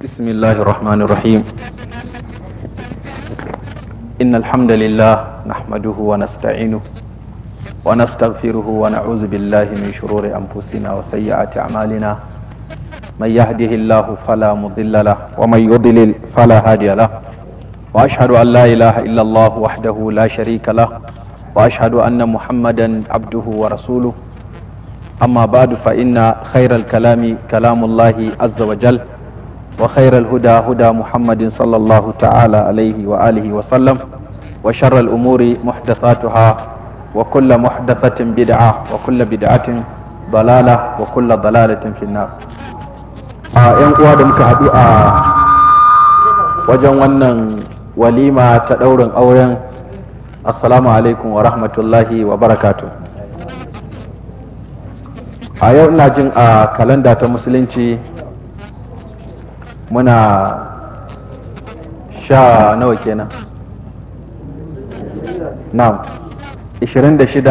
بسم الله الرحمن الرحيم إن الحمد لله نحمده ونستعينه ونستغفره ونعوذ بالله من شرور أنفسنا وسيئات أعمالنا من يهده الله فلا مضل له ومن يضلل فلا هادي له وأشهد أن لا إله إلا الله وحده لا شريك له وأشهد أن محمدا عبده ورسوله أما بعد فإن خير الكلام كلام الله عز وجل وخير الهدى هدى محمد صلى الله تعالى عليه وآله وسلم وشر الأمور محدثاتها وكل محدثة بدعة وكل بدعة ضلالة وكل ضلالة في النار ‘yan uwa da muka haɗu a wajen wannan walima ta ɗaurin auren asalama alaikum wa rahmatullahi wa barakatu a yau ina jin a kalanda ta musulunci muna sha nawa kenan na'am 26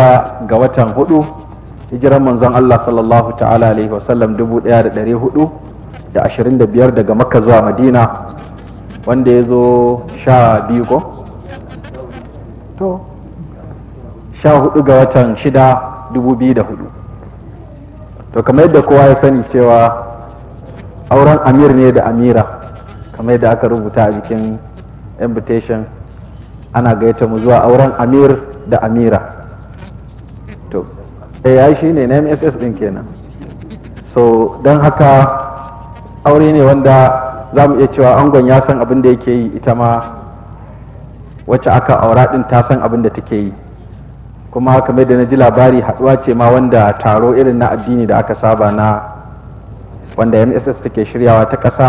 ga watan hudu hijiran manzon Allah sallallahu ta'ala alaihi wasallam 25 daga makka zuwa madina wanda ya zo sha biyu ko? to sha hudu ga watan shida dubu biyu da hudu to kamar yadda kowa ya sani cewa auren amir ne da amira kamar yadda aka rubuta a jikin invitation ana gaita mu zuwa auren amir da amira to eh, ai shi ne na mss din kenan so don haka aure ne wanda za mu iya cewa angon ya san abin da yake yi ita ma wacce aka aura din ta san abin da take yi kuma kamar da na ji labari haduwa ce ma wanda taro irin na addini da aka saba na wanda mss take shiryawa ta ƙasa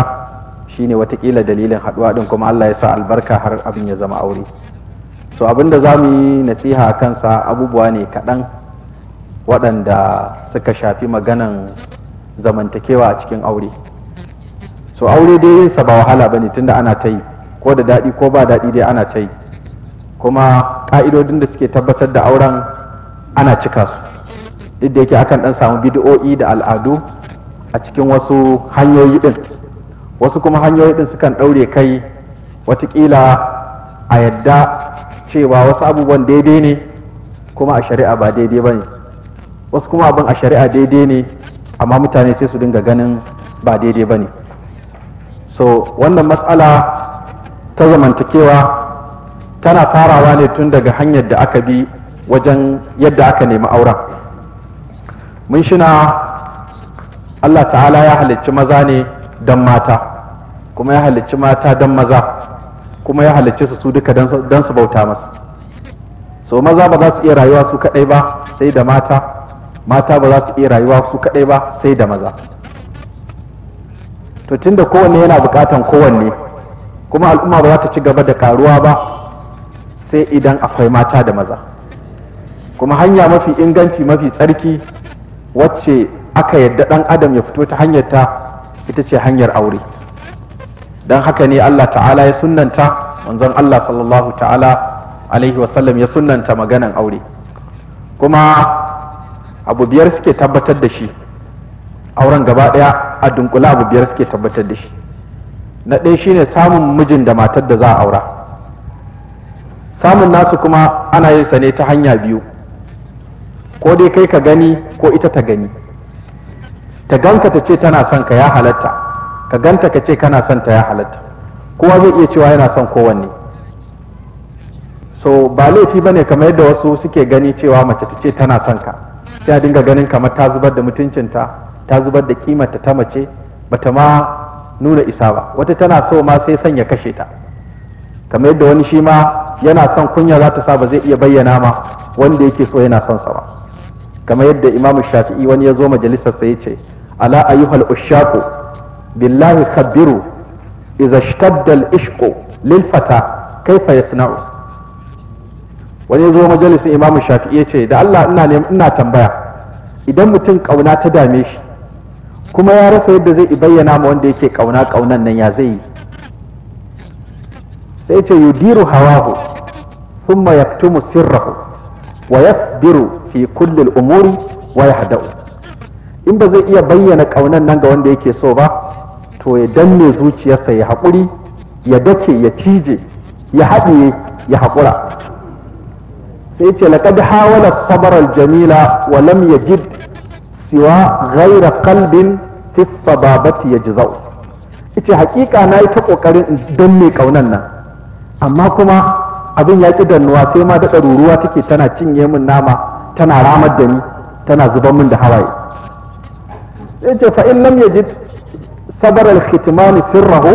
shine watakila dalilin haɗuwa ɗin kuma allah ya sa albarka har abin ya zama aure so da za mu yi nasiha a kansa abubuwa ne kaɗan waɗanda suka shafi maganan zamantakewa a cikin aure so aure dai sa ba wahala bane tunda ana ta yi ko da daɗi ko ba daɗi dai ana ta yi kuma ƙa'idodin da suke tabbatar da auren ana cika su duk da yake akan ɗan samu bidi'o'i da al'adu a cikin wasu hanyoyi ɗin wasu kuma hanyoyi ɗin sukan ɗaure kai watakila a yadda cewa wasu abubuwan daidai ne kuma a shari'a ba daidai ba ne wasu kuma abin a shari'a daidai ne amma mutane sai su dinga ganin ba daidai ba ne so wannan matsala ta zamantakewa tana farawa ne tun daga hanyar da aka bi wajen yadda aka nemi auren mun shina Allah ta'ala ya halicci maza ne don mata kuma ya halicci mata don maza kuma ya halicci su su duka don su bauta masa so maza ba za su iya rayuwa su kaɗai ba sai da mata mata ba za su iya rayuwa su kaɗai ba sai da maza to tunda kowanne yana bukatan kowanne kuma al'umma ba za ta ci gaba da karuwa ba sai idan akwai mata da maza kuma hanya mafi inganci mafi tsarki wacce aka yadda ɗan adam ya fito ta hanyar ta ita ce hanyar aure don haka ne Allah ta'ala ya sunanta manzon Allah sallallahu ta'ala alaihi wasallam ya sunanta maganan aure kuma abu biyar suke tabbatar da shi auren gaba ɗaya a dunkula abu biyar suke tabbatar da shi na ɗaya shine samun mijin da matar da za a aura samun nasu kuma ana yin sa ne ta hanya biyu ko dai kai ka gani ko ita ta gani ka ganka ta ce tana son ka ya halatta ka ganta ka ce kana son ta ya halatta kowa zai iya cewa yana son kowanne so ba laifi ba ne kamar yadda wasu suke gani cewa mace ta ce tana son ka sai a dinga ganin kamar ta zubar da mutuncinta ta zubar da kimarta ta mace bata ma nuna isa ba wata tana so ma sai son ya kashe ta kamar yadda wani shi ma yana son kunya za ta sa ba zai iya bayyana ma wanda yake so yana son sa ba kamar yadda imamu shafi'i wani ya zo majalisar sa ya ce ala ayyuhal ushaqu billahi Kabiru, idza ishtadda al-ishqu lil fata wani zo majalisin imamu shafi'i ya ce da Allah ina ina tambaya idan mutum ƙauna ta dame shi kuma ya rasa yadda zai bayyana ma wanda yake ƙauna ƙaunan nan ya zai yi sai ce yudiru hawahu summa yaktumu sirrahu wa yasbiru fi kullil umuri wa yahda'u in ba zai iya bayyana ƙaunan nan ga wanda yake so ba to ya danne zuciyarsa ya haƙuri ya dake ya cije ya haɗiye ya haƙura sai ce laqad hawala sabr jamila wa lam yajid siwa ghayra qalbin ya ji zau ita haƙiƙa na yi ta ƙoƙarin in danne ƙaunan nan amma kuma abin ya ƙi dannuwa sai ma daɗa ruruwa take tana cinye min nama tana ramar da ni tana zuban min da hawaye sai ce fa in lam yajid sabar al-khitman sirrahu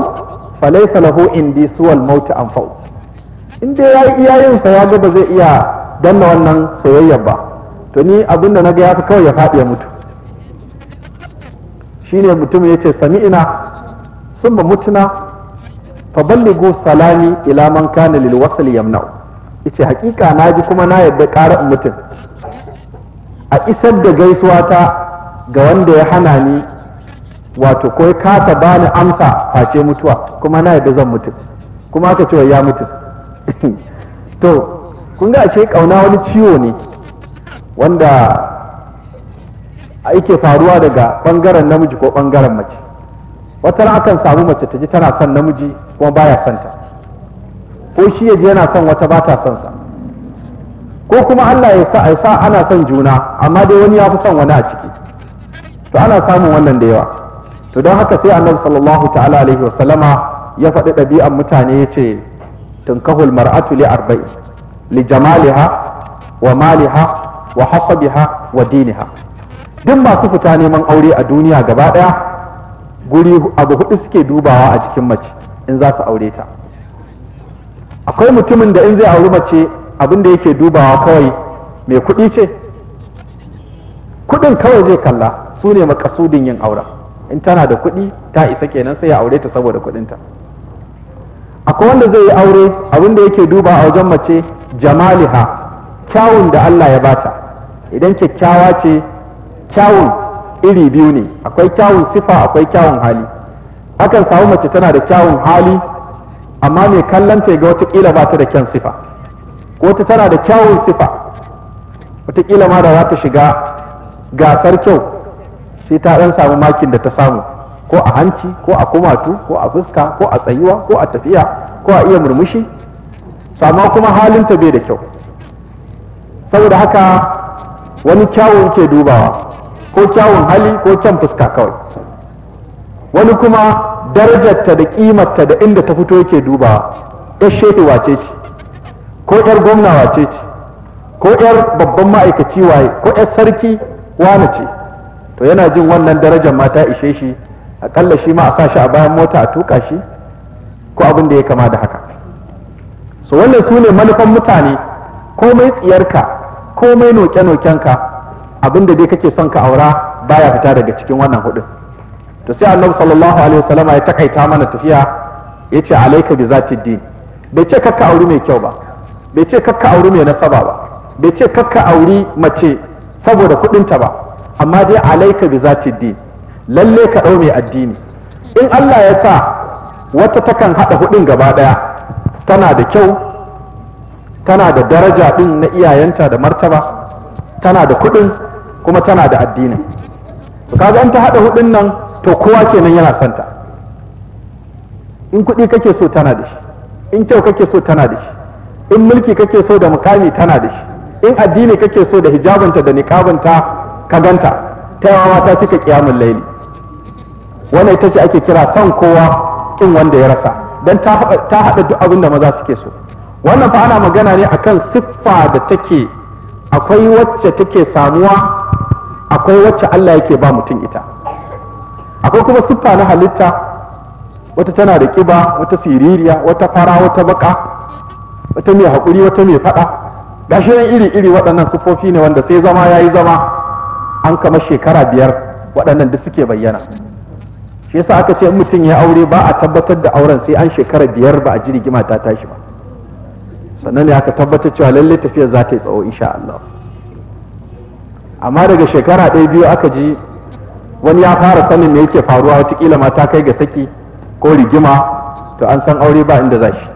fa laysa lahu indi suwal maut anfa'u in dai yayi iyayen sa ya ga ba zai iya danna wannan soyayya ba to ni abin da ga ya fi kawai ya faɗi ya mutu shine mutum ya yace sami'ina ba mutuna fa ballighu salami ila man kana lil wasl yamna'u yace hakika ji kuma na yadda ƙara mutum a isar da gaisuwa ta ga wanda ya hana ni wato ko ya kasa bani amsa face mutuwa kuma na yadda zan mutu kuma aka cewa ya mutu to kun ga ashe kauna wani ciwo ne wanda yake faruwa daga bangaren namiji ko bangaren mace wata akan samu mace ta ji tana son namiji kuma baya son ta ko shi ya yana son wata ba ta son sa ko kuma Allah ya sa ana son juna amma dai wani ya fi son wani a ciki to ana samun wannan da yawa to don haka sai annabi sallallahu ta'ala alaihi wa sallama ya faɗi ɗabi'an mutane ya ce tunkahul mar'atu li arba'in li jamaliha wa maliha wa hasabiha wa diniha duk masu fita neman aure a duniya gaba ɗaya guri abu hudu suke dubawa a cikin mace in za su aure ta akwai mutumin da in zai auri mace abin da yake dubawa kawai mai kuɗi ce kuɗin kawai zai kalla su ne makasudin yin aura in tana da kuɗi ta isa kenan sai ya aure ta saboda kuɗinta akwai wanda zai yi aure abin da yake duba a wajen mace jamaliha kyawun da Allah ya bata idan kyakkyawa ce kyawun iri biyu ne akwai kyawun sifa akwai kyawun hali akan samu mace tana da kyawun hali amma mai kallon ta ga watakila ba ta da kyan sifa ko ta tana da kyawun sifa watakila ma da za ta shiga gasar kyau sai ta ɗan samu makin da ta samu ko a hanci ko a kumatu ko a fuska ko a tsayuwa ko a tafiya ko a iya murmushi sama kuma halin ta bai da kyau saboda haka wani kyawun ke dubawa ko kyawun hali ko kyan fuska kawai wani kuma darajarta da kimarta da inda ta fito yake dubawa yar shehu wace ce ko yar gwamna wace ce ko yar babban ma'aikaci waye ko yar sarki wane ce to yana jin wannan darajar mata ta ishe shi akalla shi ma a sa shi a bayan mota a tuka shi ko abin da ya kama da haka so wannan su ne manufan mutane komai tsiyarka komai noke-nokenka abin da dai kake son ka aura baya fita daga cikin wannan hudu to sai annabi sallallahu alaihi wasallama ya takaita mana tafiya ya ce alaika bi zati din bai ce kakka auri mai kyau ba bai ce kakka auri mai nasaba ba bai ce kakka auri mace saboda kudinta ba amma dai alaika bi zati din lalle ka ɗau mai addini in Allah ya sa wata takan haɗa hudin gaba daya tana da kyau tana da daraja ɗin na iyayenta da martaba tana da kuɗin kuma tana da addini to kaga in ta haɗa hudin nan to kowa kenan yana santa in kuɗi kake so tana da shi in kyau kake so tana da shi in mulki kake so da mukami tana da shi in addini kake so da hijabanta da niƙabanta ka ganta ta tayawa mata cika kiyamun laili wannan ita ce ake kira son kowa kin wanda ya rasa dan ta haɗa duk abin da maza suke so wannan fa ana magana ne akan siffa da take akwai wacce take samuwa akwai wacce Allah yake ba mutum ita akwai kuma siffa na halitta wata tana da kiba wata siririya wata fara wata baka wata mai haƙuri wata mai faɗa gashi iri iri waɗannan siffofi ne wanda sai zama ya yi zama an kama shekara biyar waɗannan da suke bayyana shi yasa aka ce in mutum ya aure ba a tabbatar da auren sai an shekara biyar ba a ji rigima ta tashi ba sannan ne aka tabbatar cewa lallai tafiyar za ta yi tsawo insha Allah amma daga shekara ɗaya biyu aka ji wani ya fara sanin me yake faruwa watakila ma ta kai ga saki ko rigima to an san aure ba inda za shi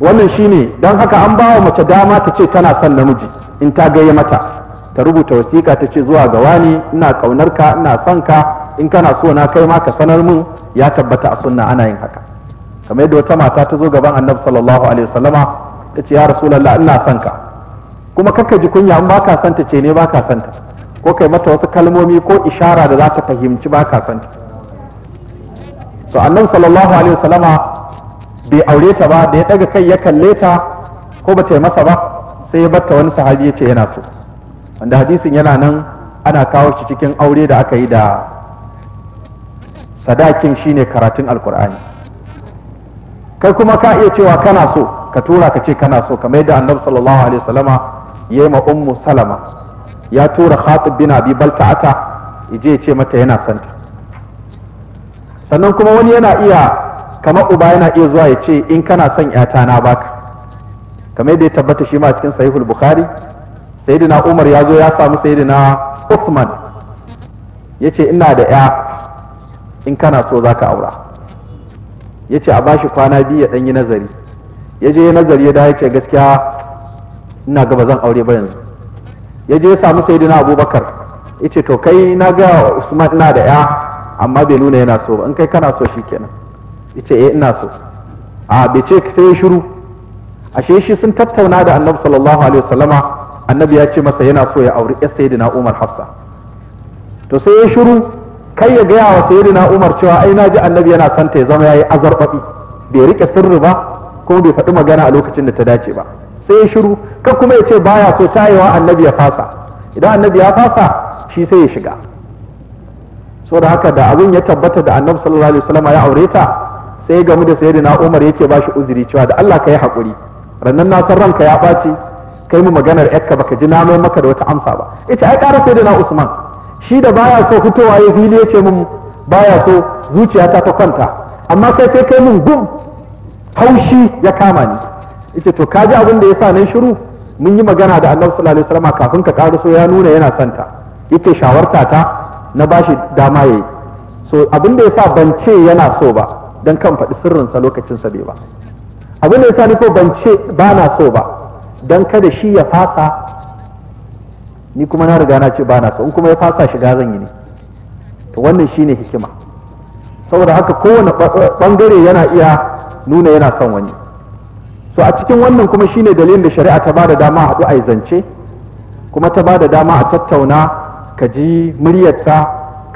wannan shine don haka an ba wa mace dama ta ce tana son namiji in ta gaya mata ta rubuta wasiƙa ta ce zuwa ga wani ina kaunarka ina son ka in kana so na kai ma ka sanar min ya tabbata a sunna ana yin haka kamar yadda wata mata ta zo gaban annabi sallallahu alaihi wasallama ta ce ya rasulullah ina son ka kuma kakka ji kunya in baka son ta ce ne baka son ta ko kai mata wasu kalmomi ko ishara da za ta fahimci baka son ta to annabi sallallahu alaihi wasallama bai aure ta ba da ya daga kai ya kalle ta ko ba ta yi masa ba sai ya batta wani sahabi ya ce yana so wanda hadisin yana nan ana kawo shi cikin aure da aka yi da sadakin shine karatun alkur'ani kai kuma ka iya cewa kana so ka tura ka ce kana so kamar yadda annabi sallallahu alaihi wasallama ya yi ma ummu salama ya tura khatib bin abi balta'ata ije ya ce mata yana son ta sannan kuma wani yana iya kamar uba yana iya zuwa ya ce in kana son yata na baka kamar yadda ya tabbata shi ma cikin sahihul bukhari sayyidina umar ya zo ya samu sayyidina Uthman ya ce ina da ya in kana so za ka aura ya ce a bashi kwana biyu ya ɗanyi nazari ya je nazari ya dawo ya ce gaskiya ina gaba zan aure ba yanzu ya je ya samu sayyidina abubakar ya ce to kai na ga usman ina da ya amma bai nuna yana so ba in kai kana so shi kenan ya ce eh ina so a bai ce sai ya shiru ashe shi sun tattauna da annabi sallallahu alaihi wasallama annabi ya ce masa yana so ya auri sayi na Umar Hafsa to sai ya shiru kai ya gaya wa na Umar cewa ai ji annabi yana son ta ya zama yi bai rike sirri ba ko bai faɗi magana a lokacin da ta dace ba sai ya shiru kai kuma ya ce baya so tayewa annabi ya fasa idan annabi ya fasa shi sai ya shiga da haka da abin ya tabbata da annabi sallallahu alaihi wasallam ya aure ta sai gamu da sayyidina Umar yake ba shi uzuri cewa da Allah ka yi hakuri rannan na san ranka ya ɓaci kai mu maganar ba baka ji namo maka da wata amsa ba ita ai ƙara sai da na usman shi da baya so fitowa ya fili ya ce mun baya so zuciyata ta kwanta amma kai sai kai mun gum haushi ya kama ni ita to ka ji abin da ya sa nan shiru mun yi magana da annabi sallallahu alaihi wasallam kafin ka so ya nuna yana santa yake shawarta ta na bashi dama yayi so abin da ya sa ban ce yana so ba dan kan faɗi sirrinsa lokacin sa bai ba abin da ya sa ni ko ban ce ba na so ba don kada shi ya fasa ni kuma na riga na ce ba na so in kuma ya fasa shiga zan yi ne to wannan shine hikima saboda haka kowane bangare yana iya nuna yana son wani so a cikin wannan kuma shine dalilin da shari'a ta bada dama a haɗu a zance kuma ta ba da dama a tattauna ka ji muryarta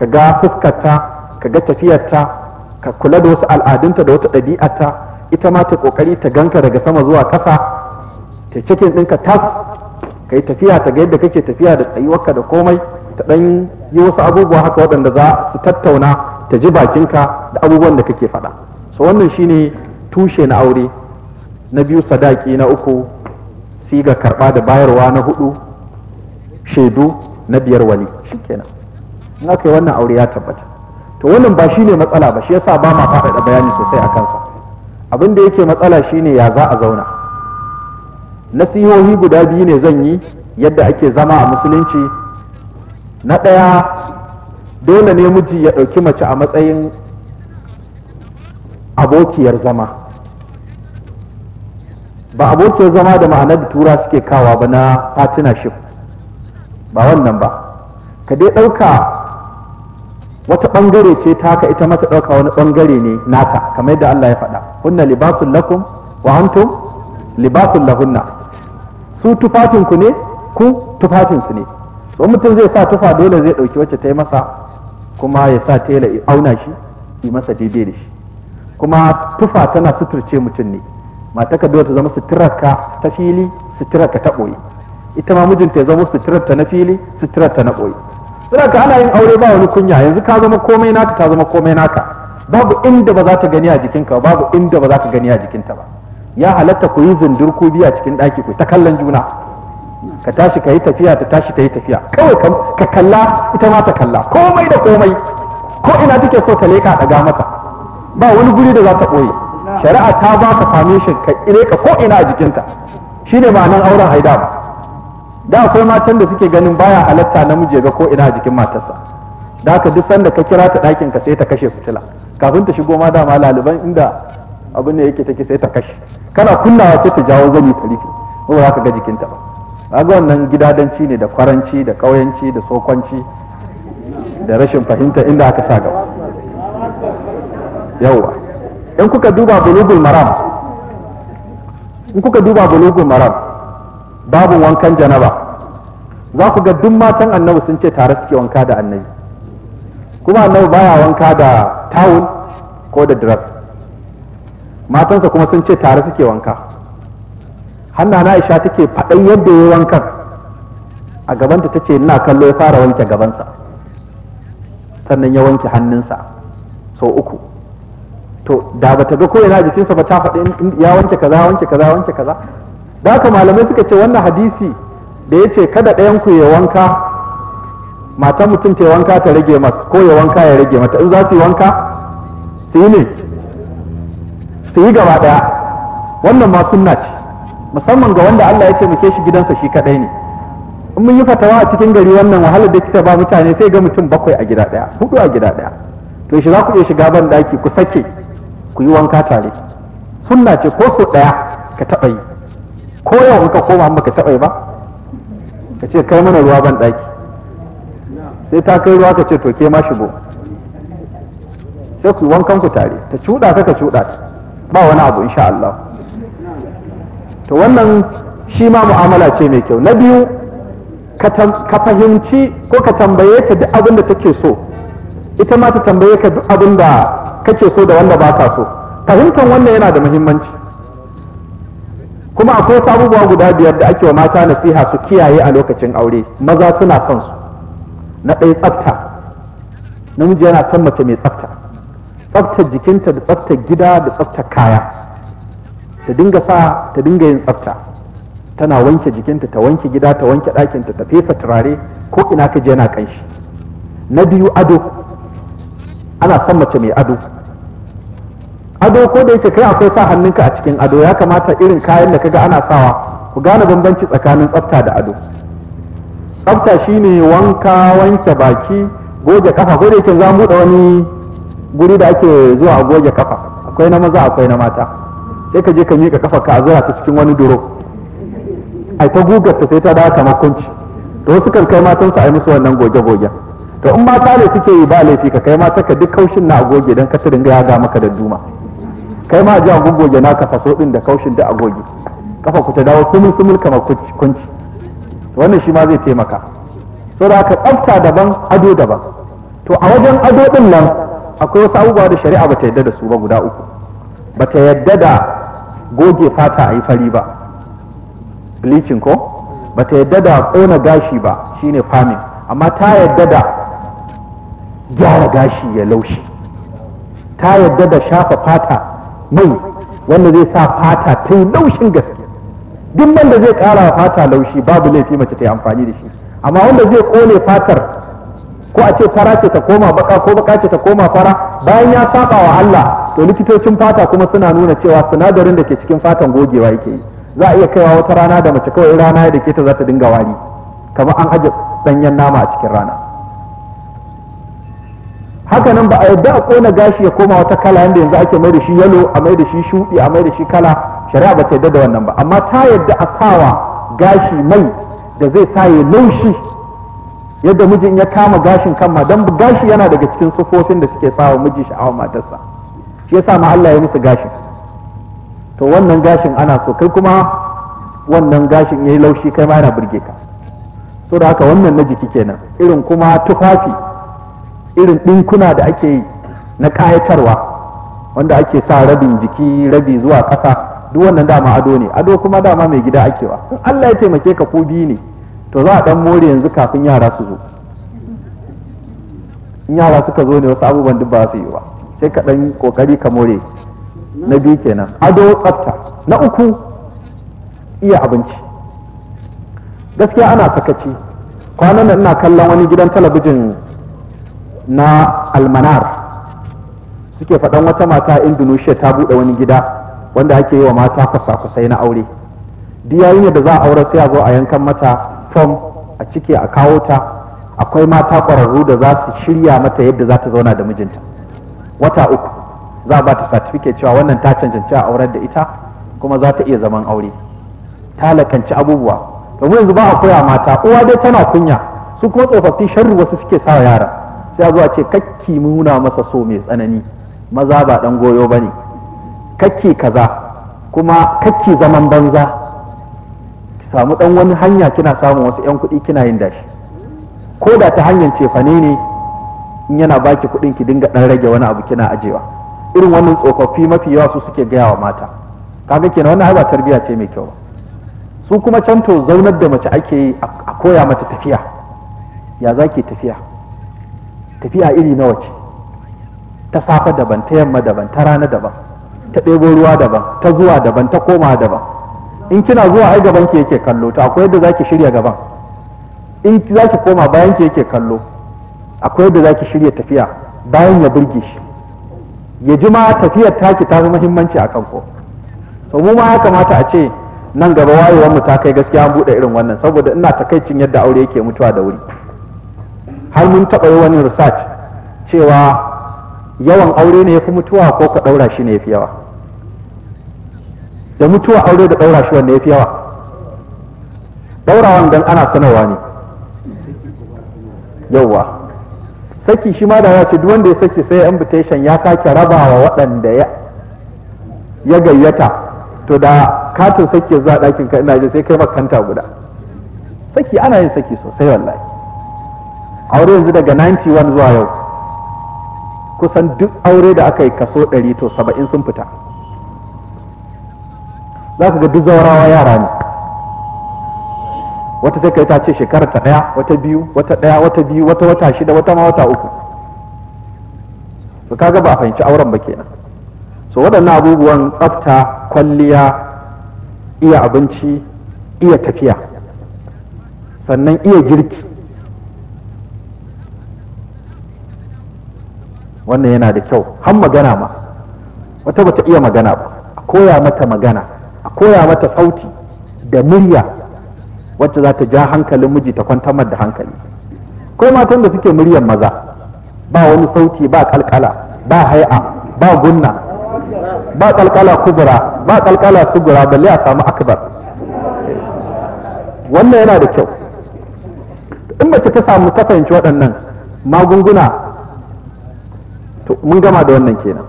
ka ga fuskarta ka ga tafiyarta ka kula da wasu al'adunta da wata ɗabi'arta ita ma ta ƙoƙari ta ganka daga sama zuwa ƙasa ta cikin ɗinka tas ka tafiya ta ga yadda kake tafiya da tsayuwarka da komai ta ɗan yi wasu abubuwa haka waɗanda za su tattauna ta ji bakinka da abubuwan da kake faɗa so wannan shine tushe na aure na biyu sadaki na uku siga karɓa da bayarwa na hudu shaidu na biyar wali shikenan in aka yi wannan aure ya tabbata to wannan ba shine matsala ba shi yasa ba ma faɗaɗa bayani sosai a kansa abin da yake matsala shine ya za a zauna nasihohi guda biyu ne zan yi yadda ake zama a musulunci na ɗaya dole ne miji ya ɗauki mace a matsayin abokiyar zama ba abokiyar zama da ma'anar tura suke kawa ba na partnership ba wannan ba ka dai ɗauka wata ɓangare ce taka ita mata ɗauka wani ɓangare ne nata kamar yadda Allah ya faɗa hunna libasun lakum wa antum libasun lahunna su tufafinku ne ku tufafinsu ne don mutum zai sa tufa dole zai ɗauki wacce ta yi masa kuma ya sa tela ya auna shi yi masa daidai da shi kuma tufa tana suturce mutum ne mataka dole ta zama suturarka ta fili ka ta ɓoye ita ma mijinta ya zama suturarta na fili ta na ɓoye suna ka ana yin aure ba wani kunya yanzu ka zama komai naka ta zama komai naka babu inda ba za ta gani a jikinka babu inda ba za ka gani a jikinta ba ya halatta ku yi zindir ku biya cikin ɗaki ku ta kallon juna ka tashi ka yi tafiya ta tashi ta yi tafiya kawai ka kalla ita ma ta kalla komai da komai ko ina take so ta leka ɗaga mata ba wani guri da za ta ɓoye shari'a ta ba ka shi ka leka ko ina a jikinta shine nan auren haida ba da akwai matan da suke ganin baya halatta namiji ga ko ina a jikin matarsa da haka duk sanda ka kira ta ɗakin ka sai ta kashe fitila kafin ta shigo ma dama laliban inda abin ne yake take sai ta kashe kana kunnawa sai ta jawo zani ta rufe ba za ka ga jikinta ba ga wannan gidadanci ne da kwaranci da kauyanci da sokwanci da rashin fahimta inda aka sa gaba yawwa in kuka duba bulugul maram in kuka duba bulugul maram babu wankan janaba za ku ga duk matan annabi sun ce tare suke wanka da annabi kuma annabi baya wanka da tawul ko da dress matansa kuma sun ce tare suke wanka hannana na isha take faɗan yadda ya yi wankan a gabanta ta ce ina kallo ya fara wanke gabansa sannan ya wanke hannunsa sau uku to da bata ga ko yana jikinsa ba ta faɗi ya wanke kaza wanke kaza wanke kaza da haka malamai suka ce wannan hadisi da ya ce kada ɗayan ku ya wanka matan mutum ta wanka ta rage masa ko ya wanka ya rage mata in za su yi wanka su yi ne su yi gaba daya wannan ma sunna ce musamman ga wanda Allah ya muke shi gidansa shi kadai ne in mun yi fatawa a cikin gari wannan wahalar da kika ba mutane sai ga mutum bakwai a gida daya hudu a gida daya to shi za ku iya shiga ban daki ku sake ku yi wanka tare sunna ce ko so daya ka taba yi ko yau in ka koma amma ka taba yi ba ka ce kai mana ruwa ban daki sai ta kai ruwa ka ce to ke ma shigo sai ku wankan ku tare ta cuɗa ka ka cuɗa ta ba wani abu insha Allah to wannan shi ma mu'amala ce mai kyau na biyu ka fahimci ko ka tambaye ta duk abin da take so ita ma ta tambaye ka duk abin da kake so da wanda baka so fahimtar wannan yana da muhimmanci kuma akwai wasu abubuwa guda biyar da ake wa mata nasiha su kiyaye a lokacin aure maza suna son su na ɗaya tsafta namiji yana son mace mai tsafta tsaftar jikinta da tsaftar gida da tsaftar kaya ta dinga sa ta dinga yin tsafta tana wanke jikinta ta wanke gida ta wanke ɗakinta ta fesa turare ko ina ka je yana kanshi na biyu ado ana son mace mai ado ado ko da yake kai akwai sa hannunka a cikin ado ya kamata irin kayan da kaga ana sawa ku gane bambanci tsakanin tsafta da ado tsafta shine wanka wanke baki goge kafa ko da yake za mu da wani guri da ake zuwa a goge kafa akwai na maza akwai na mata sai ka je ka miƙa kafa ka zura ta cikin wani duro ai ta gugar ta sai ta dawo kamar kunci to wasu kan kai matan su ai musu wannan goge goge to in mata ne suke yi ba laifi ka kai mata ka duk kaushin na goge dan ka ta dinga ya ga maka da duma kai ma ji a goge naka faso din da kaushin da a goge kafa ku ta dawo sumul sumul kamar kunci wannan shi ma zai taimaka saboda aka tsafta daban ado daban to a wajen ado din nan akwai wasu abubuwa da shari'a bata yadda da su ba guda uku bata yadda da goge fata a yi fari ba bleaching ko bata yadda da kona gashi ba shine farming amma ta yadda da gyara gashi ya laushi ta yadda da shafa fata mai wanda zai sa fata ta yi laushin gaske duk wanda zai kara fata laushi babu laifi mace ta yi amfani da shi amma wanda zai kone fatar ko a ce fara ce ta koma baka ko baka ce ta koma fara bayan ya saba wa Allah to likitocin fata kuma suna nuna cewa sinadarin da ke cikin fatan gogewa yake yi za a iya kaiwa wata rana da mace kawai rana da ke ta za ta dinga wari kamar an aje danyen nama a cikin rana haka nan ba a yadda a kona gashi ya koma wata kala yanda yanzu ake mai da shi yalo a mai da shi shuɗi a mai da shi kala shari'a ba ta yadda da wannan ba amma ta yadda a sawa gashi mai da zai sa ya laushi yadda mijin ya kama gashin kan ma gashi yana daga cikin sufofin da suke sawa miji sha'awa matarsa shi yasa ma Allah ya musu gashin to wannan gashin ana so kai kuma wannan gashin ya yi laushi kai ma yana burge ka so da haka wannan na jiki kenan irin kuma tufafi irin ɗinkuna da ake yi na kayatarwa wanda ake sa rabin jiki rabi zuwa ƙasa duk wannan dama ado ne ado kuma dama mai gida akewa Allah ya taimake ka ko biyu ne to za a dan more yanzu kafin yara su zo in yara suka zo ne wasu abubuwan duk ba su yi ba sai ka dan kokari ka more na biyu kenan ado tsafta na uku iya abinci gaskiya ana sakaci kwanan nan ina kallon wani gidan talabijin na almanar suke faɗan wata mata a indonesia ta buɗe wani gida wanda ake yi wa mata kwasa-kwasai na aure duk yayin da za a aure sai a zo a yankan mata fom a ciki a kawo ta akwai mata ƙwararru da za su shirya mata yadda za ta zauna da mijinta wata uku za a ba ta certificate cewa wannan ta cancanci a aurar da ita kuma za ta iya zaman aure ta lakanci abubuwa domin yanzu ba a koya mata uwa dai tana kunya su kuma tsofaffi sharri wasu suke sa yara sai a zo a ce kakki nuna masa so mai tsanani maza ba dan goyo bane kakki kaza kuma kakki zaman banza samu dan wani hanya kina samun wasu yan kuɗi kina yin dashi ko da ta hanyar cefane ne in yana baki kuɗin ki dinga dan rage wani abu kina ajewa irin wannan tsofaffi mafi yawa su suke gaya wa mata kaga kenan wannan ba tarbiya ce mai kyau su kuma canto zaunar da mace ake yi a koya mata tafiya ya za tafiya tafiya iri nawa ce ta safa daban ta yamma daban ta rana daban ta ɗebo ruwa daban ta zuwa daban ta koma daban in kina zuwa ai gaban ki yake kallo to akwai yadda zaki shirya gaban in zaki koma bayan ki yake kallo akwai yadda zaki shirya tafiya bayan ya burge shi ya ji ma tafiyar taki ta fi muhimmanci a kan ko to mu ma ya kamata a ce nan gaba wayewar mu ta kai gaskiya an bude irin wannan saboda ina takaicin yadda aure yake mutuwa da wuri har mun taɓa yi wani research cewa yawan aure ne ya fi mutuwa ko ka ɗaura shi ne ya fi yawa da mutuwa aure da ɗaura shi wanda ya yawa ɗaurawa don ana sanarwa ne yauwa saki shi ma da ya ce duk wanda ya saki sai invitation ya sake rabawa waɗanda ya gayyata to da katin saki zuwa ɗakin ka ina sai kai makanta guda saki ana yin saki sosai wallahi aure yanzu daga 91 zuwa yau kusan duk aure da aka yi kaso 100 to 70 sun fita za ka ga duk zaurawa yara ne wata ta kai ta ce shekarar ta ɗaya wata biyu wata ɗaya wata biyu wata wata shida wata ma wata uku to kaga ba a fahimci auren ba kenan so waɗannan abubuwan tsafta kwalliya iya abinci iya tafiya sannan iya girki wannan yana da kyau har magana ma wata bata iya magana ba koya mata magana koya mata sauti da murya wacce za ta ja hankalin miji ta kwantar da hankali kai matan da suke muryar maza ba wani sauti ba kalkala ba hai'a ba gunna ba kalkala kubura ba kalkala sugura balle a samu akbar wannan yana da kyau in mace ta samu ta fahimci waɗannan magunguna to mun gama da wannan kenan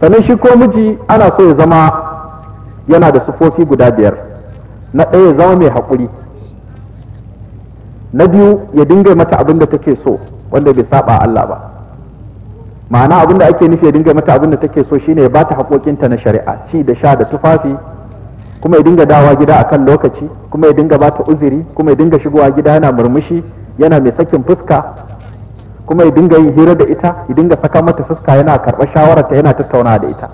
sannan shi ko miji ana so ya zama yana da sufofi guda biyar na ɗaya zama mai haƙuri na biyu ya dinga mata abin da take so wanda bai saba Allah ba ma'ana abin da ake nufi ya dinga mata abin da take so shine ya ba ta haƙoƙinta na shari'a ci da sha da tufafi kuma ya dinga dawa gida akan lokaci kuma ya dinga bata uziri kuma ya dinga shigowa gida yana murmushi yana mai sakin fuska kuma ya dinga yin hira da ita ya dinga saka mata fuska yana karɓar shawararta yana tattaunawa da ita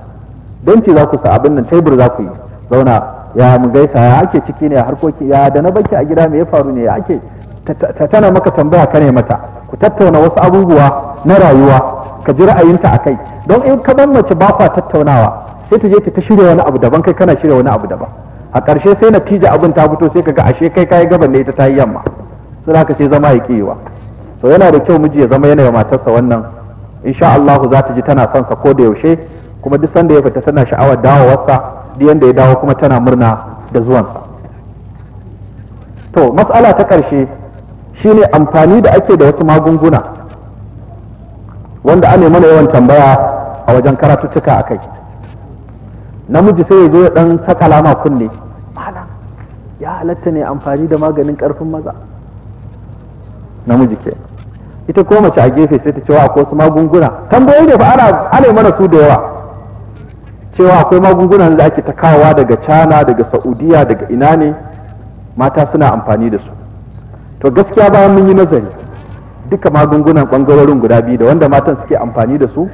benci za ku sa abin nan tebur za ku yi zauna ya mu gaisa ya ake ciki ne harkoki ya da na baki a gida me ya faru ne ya ake ta tana maka tambaya ka ne mata ku tattauna wasu abubuwa na rayuwa ka ji ra'ayinta akai don in ka ban mace ba kwa tattaunawa sai ta je ta shirya wani abu daban kai kana shirya wani abu daban a ƙarshe sai natija abin ta fito sai ka ga ashe kai kai gaban ne ita ta yi yamma sai haka sai zama ya kiyewa to yana da kyau miji ya zama yana matarsa wannan insha Allah za ta ji tana son sa ko da yaushe kuma duk sanda ya fita tana sha'awar dawowarsa duk yanda ya dawo kuma tana murna da zuwansa to matsala ta ƙarshe shine amfani da ake da wasu magunguna wanda an mana yawan tambaya a wajen karatuttuka a kai namiji sai ya zo ya ɗan saka lama kunne ya halatta ne amfani da maganin ƙarfin maza namiji ke ita ko mace a gefe sai ta cewa akwai wasu magunguna tambayoyi ne fa ana ana mana su da yawa cewa akwai magungunan da ake takawa daga cana daga saudiya daga ina ne mata suna amfani da su to gaskiya bayan mun yi nazari duka magungunan bangarorin guda biyu da wanda matan suke amfani da su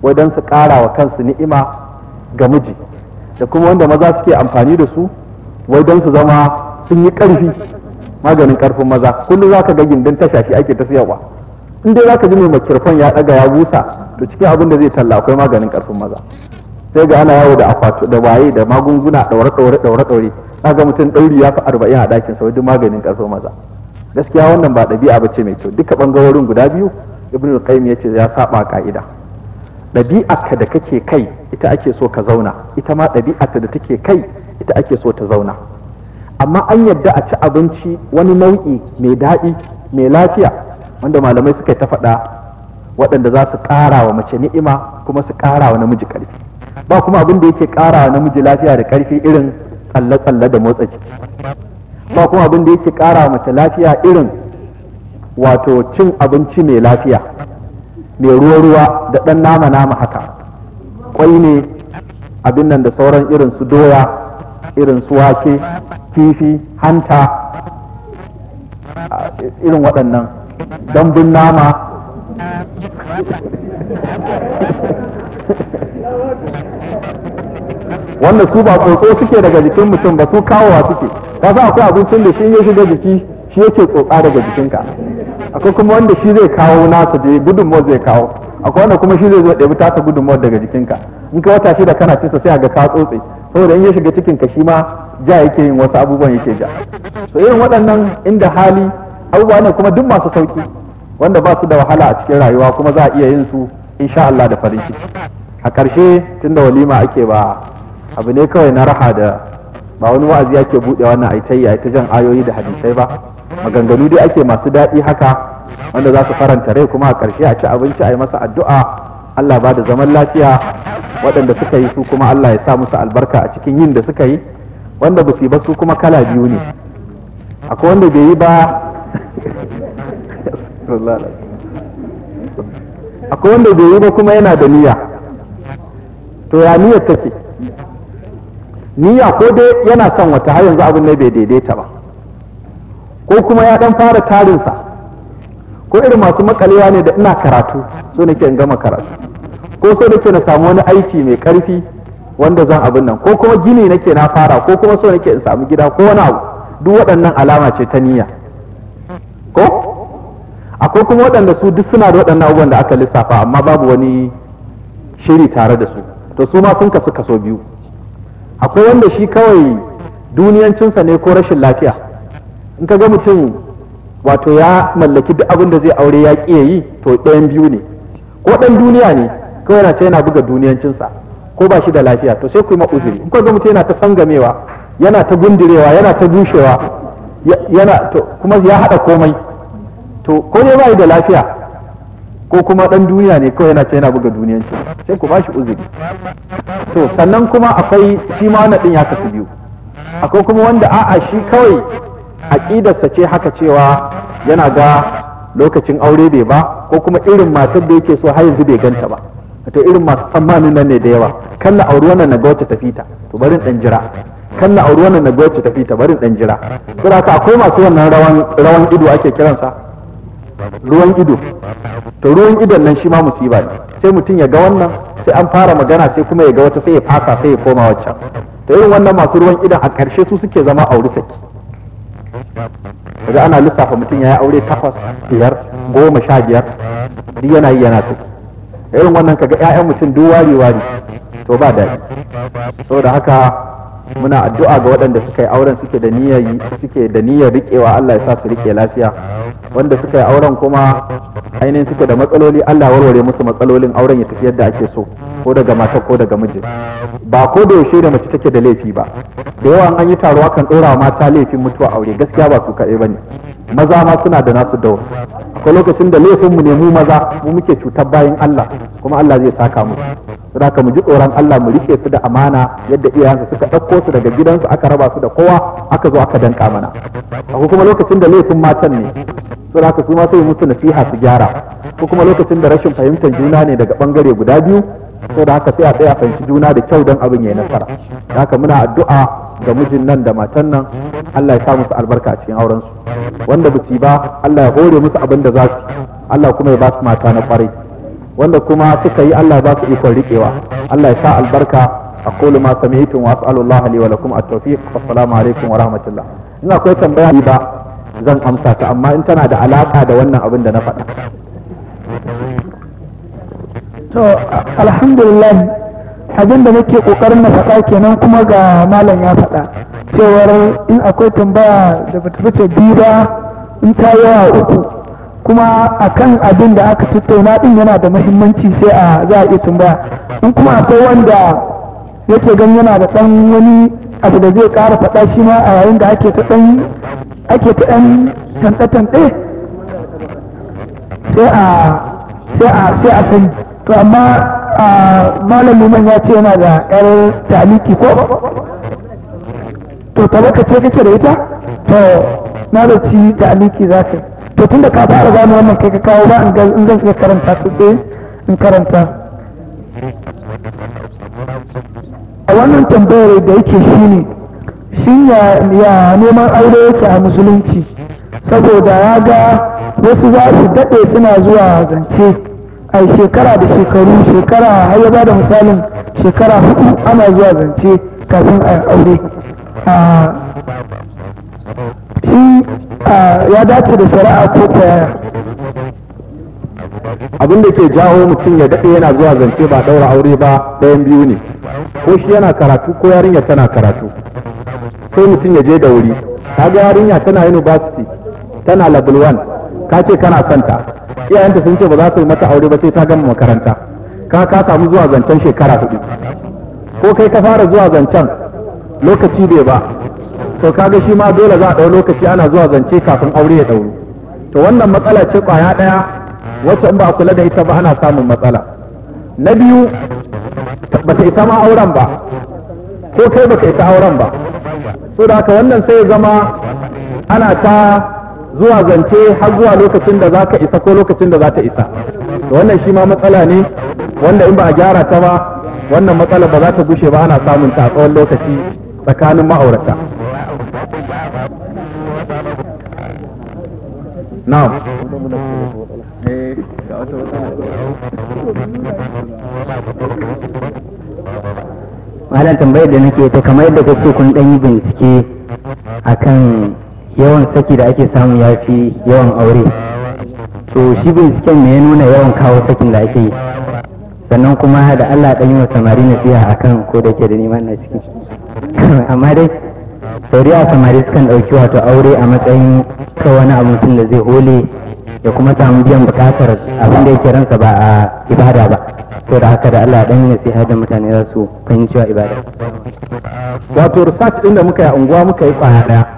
wajen su kara wa kansu ni'ima ga miji da kuma wanda maza suke amfani da su wajen su zama sun yi karfi maganin karfin maza kullum zaka ga gindin tasha shi ake ta sayarwa in dai za ji mai makirfan ya ɗaga ya busa to cikin abin da zai talla akwai maganin karfin maza sai ga ana yawo da akwatu da waye da magunguna ɗaure ɗaure ɗaure ɗaure kaga mutum ɗauri ya fi arba'in a ɗakin sa wajen maganin ƙarfi maza gaskiya wannan ba ɗabi'a bace mai kyau duka ɓangarorin guda biyu ibn al-qayyim yace ya saba ka'ida ɗabi'arka da kake kai ita ake so ka zauna ita ma ɗabi'arta da take kai ita ake so ta zauna amma an yadda a ci abinci wani nau'i mai daɗi mai lafiya wanda malamai suka ta faɗa waɗanda za su ƙara wa mace ni'ima kuma su ƙara wa namiji ƙarfi ba kuma abin da yake ƙara namiji lafiya da ƙarfi irin tsalle-tsalle da motsa jiki ba kuma abin da yake ƙara mace lafiya irin wato cin abinci mai lafiya mai ruwa-ruwa da ɗan nama-nama haka kwai ne abin nan da sauran irin su doya irin su wake kifi hanta irin waɗannan dambun nama wanda su ba tsotso suke daga jikin mutum ba su kawowa suke ka sa akwai abincin da shi ya shiga jiki shi yake tsotsa daga jikinka akwai kuma wanda shi zai kawo nasa da gudunmuwar zai kawo akwai wanda kuma shi zai zo ɗebi tasa gudunmuwar daga jikinka in ka wata shida kana cinsa sai a ga ka tsotse saboda in ya shiga cikin ka shi ma ja yake yin wasu abubuwan yake ja so irin waɗannan inda hali abubuwa ne kuma duk masu sauki wanda ba su da wahala a cikin rayuwa kuma za a iya yin su insha Allah da farin ciki a ƙarshe tunda walima ake ba abu ne kawai na raha da ba wani wa'azi yake buɗe wannan aitayya ita jan ayoyi da hadisai ba maganganu dai ake masu daɗi haka wanda za su faranta rai kuma a ƙarshe a ci abinci a yi masa addu'a Allah ba da zaman lafiya waɗanda suka yi su kuma Allah ya sa musu albarka a cikin yin da suka yi wanda ba su yi ba su kuma kala biyu ne akwai wanda bai yi ba akwai wanda bai yi ba kuma yana da niyya to ya niyyar take niyya ko dai yana son wata har yanzu abin ne bai daidaita ba ko kuma ya dan fara tarinsa ko irin masu makalewa ne da ina karatu so nake in gama karatu ko so nake na samu wani aiki mai karfi wanda zan abin nan ko kuma gini nake na fara ko kuma so nake in samu gida ko wani abu duk waɗannan alama ce ta niyya ko akwai kuma waɗanda su duk suna da waɗannan abubuwan da aka lissafa amma babu wani shiri tare da su to su ma sun kasu kaso biyu akwai wanda shi kawai duniyancinsa ne ko rashin lafiya in ka ga mutum wato ya mallaki duk abin da zai aure ya ƙi yi to ɗayan biyu ne ko ɗan duniya ne kawai yana ce yana buga duniyancinsa ko ba shi da lafiya to sai ku yi ma'uziri in ka ga mutum yana ta sangamewa yana ta gundurewa yana ta bushewa kuma ya haɗa komai to ko dai ba da lafiya ko kuma dan duniya ne kawai yana ce yana buga duniyanci sai ku bashi uzuri to sannan kuma akwai shi ma wannan din ya kasu biyu akwai kuma wanda a'a shi kawai aqidarsa ce haka cewa yana ga lokacin aure bai ba ko kuma irin matar da yake so har yanzu bai ganta ba to irin masu tsammanin nan ne da yawa kalla auri wannan na ga wacce tafi ta to barin dan jira kalla auri wannan na ga wacce tafi ta barin dan jira saboda akwai masu wannan rawan rawan ido ake kiransa ruwan ido to ruwan idon nan shi ma musiba ne sai mutum ya ga wannan sai an fara magana sai kuma ya ga wata sai ya fasa sai ya koma waccan to irin wannan masu ruwan idon a karshe su suke zama auri saki kaga ana lissafa mutum ya yi aure takwas biyar goma sha biyar duk yana yi yana saki irin wannan ka ga 'ya'yan mutum duk wari wari to ba daɗi saboda haka muna addu'a ga waɗanda suka yi auren suke da niyyar suke da niyyar riƙewa Allah ya sa su riƙe lafiya wanda suka yi auren kuma ainihin suke da matsaloli Allah warware musu matsalolin auren ya tafi yadda ake so ko daga mata ko daga miji ba ko da yaushe da mace take da laifi ba da yawan an yi taro akan ɗora mata laifin mutuwa aure gaskiya ba su kaɗai ba ne maza ma suna da nasu dawo akwai lokacin da laifin mu ne mu maza mu muke cutar bayan Allah kuma Allah zai saka mu saboda mu ji tsoron Allah mu rike su da amana yadda iyayensu suka ɗauko su daga gidansu aka raba su da kowa aka zo aka danka mana akwai kuma lokacin da laifin matan ne saboda su ma sai musu nasiha su gyara ko kuma lokacin da rashin fahimtar juna ne daga bangare guda biyu saboda haka sai a tsaya fahimci juna da kyau don abin ya yi nasara haka muna addu'a ga mijin nan da matan nan Allah ya sa musu albarka a cikin aurensu wanda ba ba Allah ya hore musu abin da za su Allah kuma ya ba su mata na kwarai wanda kuma suka yi Allah ba su ikon riƙewa Allah ya sa albarka a kullu ma sami'tum wa as'alullah li wa lakum at-tawfiq assalamu alaikum wa rahmatullah in akwai tambaya ba zan amsa ta amma in tana da alaka da wannan abin da na faɗa to alhamdulillah abin da nake kokarin na faɗa kenan kuma ga malam ya faɗa cewar in akwai tambaya da bata fice biyu ba in ta yawa uku kuma akan abin da aka tattauna din yana da muhimmanci sai a za a iya tambaya in kuma akwai wanda yake gan yana da ɗan wani abu da zai ƙara faɗa shi ma a yayin da ake ta ɗan ake ta ɗan tanɗe sai a sai a sai a sani to amma a malamin man ya ce yana da yar taliki ko to baka ce kake da ita to na da ci taliki za ka to tun da ka fara gano wannan kai ka kawo ba in zan iya karanta su sai in karanta a wannan tambayar da yake shi ne shi ya neman aure yake a musulunci saboda ya ga wasu za su daɗe suna zuwa zance a shekara da shekaru shekara har ya bada misalin shekara hudu ana zuwa zance kafin a aure shi ya dace da shari'a ko ta abin da ke jawo mutum ya daɗe yana zuwa zance ba ɗaura aure ba bayan biyu ne ko shi yana karatu ko yarinya tana karatu sai mutum ya je da wuri ga yarinya tana university tana level 1 ka ce kana santa iyayenta sun ce ba za su yi mata aure ba sai ta gama makaranta ka ka samu zuwa zancen shekara hudu ko kai ka fara zuwa zancen lokaci bai ba so kaga shi ma dole za a ɗau lokaci ana zuwa zance kafin aure ya ɗauru to wannan matsala ce kwaya ɗaya wacce in ba a kula da ita ba ana samun matsala na biyu ba ta isa ma auren ba ko kai ba ta isa auren ba so da haka wannan sai ya zama ana ta zuwa zance har zuwa lokacin da za ka isa ko lokacin da za ta isa wannan shi ma matsala ne wanda in ba a gyara ta ba wannan matsala ba za ta gushe ba ana samun ta a tsawon lokaci tsakanin ma'aurata na'am malam tambayar da nake ta kamar yadda kace kun dan yi bincike akan yawan saki da ake samu ya fi yawan aure to shi binciken ne ya nuna yawan kawo sakin da ake yi sannan kuma da Allah ɗan yi wa samari na siya a kan ko da ke da neman na ciki amma dai sauri a samari sukan ɗauki wato aure a matsayin kawai wani abincin da zai hole ya kuma samu biyan bukatar abin da yake ransa ba a ibada ba to da haka da Allah ɗan yi nasiha da mutane za su fahimci wa ibada wato research ɗin da muka yi a unguwa muka yi kwaya ɗaya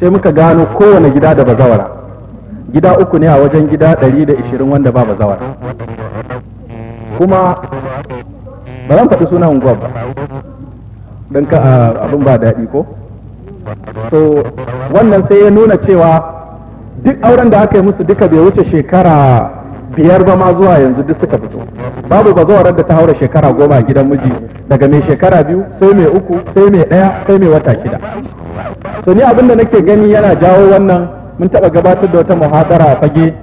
sai muka gano kowane gida da bazawara gida uku ne a wajen gida 120 da ishirin wanda ba bazawara kuma ba zan faɗi sunan unguwar ba don ka ah, abin ba daɗi ko so wannan sai ya nuna cewa duk auren da aka yi musu duka bai wuce shekara biyar ba ma zuwa yanzu duk suka fito babu bazawarar da ta haura shekara goma a gidan miji daga mai shekara biyu sai mai uku sai mai ɗaya sai mai wata shida to ni abin da nake gani yana jawo wannan mun taɓa gabatar da wata muhadara a fage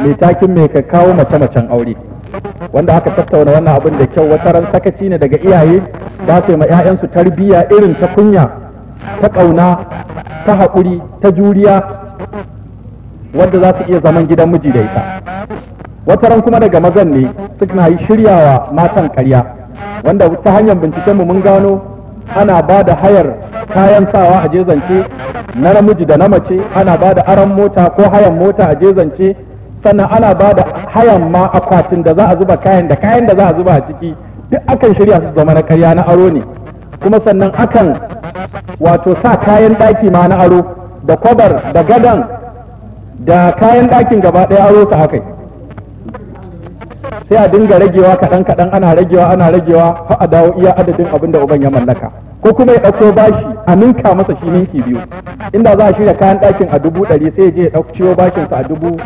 mai takin mai ka mace-macen aure wanda aka tattauna wannan abin da kyau wata ran sakaci ne daga iyaye za su ma 'ya'yansu tarbiyya irin ta kunya ta ƙauna ta haƙuri ta juriya wadda za su iya zaman gidan miji da ita wata ran kuma daga mazan ne suna yi shiryawa matan karya wanda ta hanyar binciken mu mun gano ana ba da hayar kayan sawa a jezance na namiji da na mace ana ba da aran mota ko hayan mota a jezance sannan ana ba da hayan ma akwatin da za a zuba kayan da kayan da za a zuba a ciki duk akan shirya su zama na karya na aro ne kuma sannan akan wato sa kayan ɗaki ma na aro da kwabar da gadan da kayan ɗakin gaba ɗaya aro su akai sai a dinga ragewa kaɗan kaɗan ana ragewa ana ragewa har a dawo iya adadin abin da uban ya mallaka ko kuma ya ɗauko bashi a ninka masa shi ninki biyu inda za a shirya kayan ɗakin a dubu ɗari sai ya je ya ɗauki ciwo sa a dubu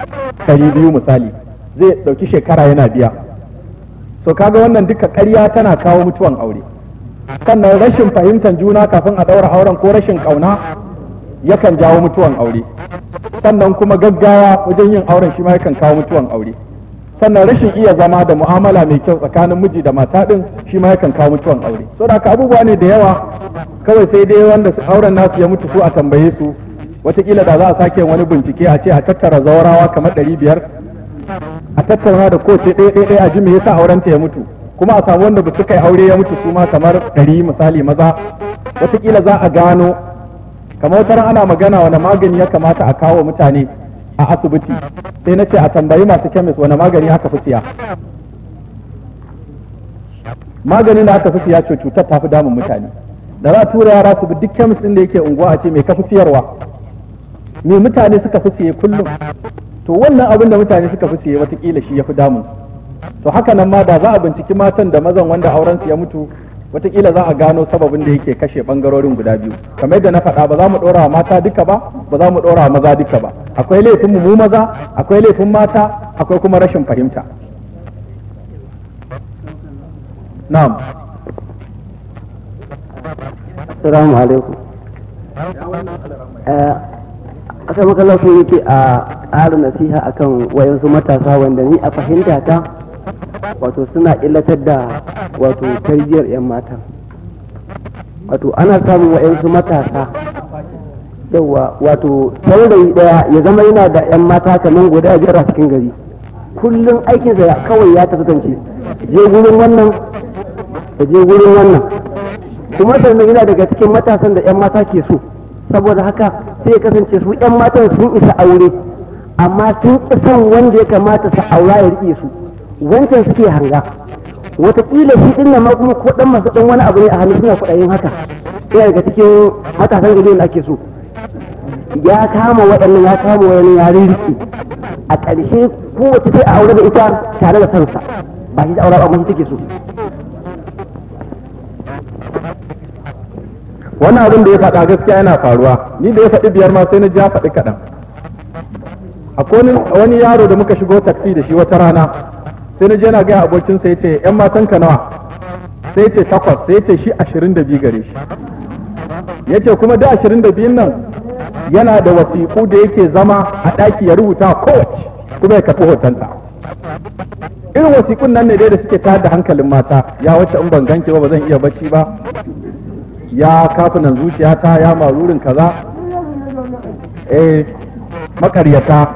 ɗari biyu misali zai ɗauki shekara yana biya so kaga wannan duka ƙarya tana kawo mutuwan aure sannan rashin fahimtar juna kafin a ɗaura auren ko rashin ƙauna yakan jawo mutuwan aure sannan kuma gaggawa wajen yin auren shi ma yakan kawo mutuwan aure sannan rashin iya zama da mu'amala mai kyau tsakanin miji da mata din shi ma yakan kawo mutuwan aure so da ka abubuwa ne da yawa kawai sai dai wanda auren nasu ya mutu su a tambaye su watakila da za a sake wani bincike a ce a tattara zaurawa kamar ɗari biyar a tattauna da kowace ɗaya ɗaya ɗaya a ji me yasa aurenta ya mutu kuma a samu wanda ba su kai aure ya mutu su ma kamar ɗari misali maza watakila za a gano kamar wata ana magana wani magani ya kamata a kawo mutane a asibiti sai na ce a tambayi masu kemis wani magani aka fi siya magani da aka fi siya ce cutar ta fi damun mutane da za a tura yara su bi duk kemis ɗin da yake unguwa a ce mai kafi siyarwa me mutane suka fi siye kullum to wannan abin da mutane suka fi siye watakila shi ya fi damun su to haka nan ma da za a binciki matan da mazan wanda auren su ya mutu watakila za a gano sababin da yake kashe bangarorin guda biyu kamar yadda na faɗa ba za mu ɗora wa mata duka ba ba za mu ɗora maza duka ba akwai laifin mu maza akwai laifin mata akwai kuma rashin fahimta na'am assalamu alaikum eh, a sai makalla yake a ƙarin nasiha akan wayansu matasa wanda ni a fahimta ta wato suna illatar da wato tarbiyyar 'yan mata wato ana samun wayansu matasa yawwa wato saurayi daya ya zama yana da yan mata kamar guda biyar a cikin gari kullum aikinsa kawai ya tafi kance je gurin wannan ka je gurin wannan kuma sannan yana daga cikin matasan da yan mata ke so saboda haka sai ya kasance su yan matan sun isa aure amma sun son wanda ya kamata su aura ya rike su wancan suke hanga wataƙila shi din nan ma kuma ko dan masu dan wani abu ne a hannu suna yin haka ina daga cikin matasan gari da ake so ya kama waɗannan ya kama waɗannan ya rirki a ƙarshe kowace sai a aure da ita tare da sansa ba shi da aure ba shi take so wannan abin da ya faɗa gaskiya yana faruwa ni da ya faɗi biyar ma sai na ja faɗi kaɗan akwai wani yaro da muka shigo taksi da shi wata rana sai na je na gaya abokinsa ya ce yan matan ka nawa sai ce takwas sai ce shi ashirin da biyu gare shi yace kuma da ashirin da biyun nan yana da wasiƙu da yake zama a ɗaki ya rubuta kowace kuma ya kafi hotonta irin wasiƙun nan ne dai da suke tayar da hankalin mata ya wacce in ban ganki ba ba zan iya bacci ba ya kafinan ta ya marurin kaza eh makaryata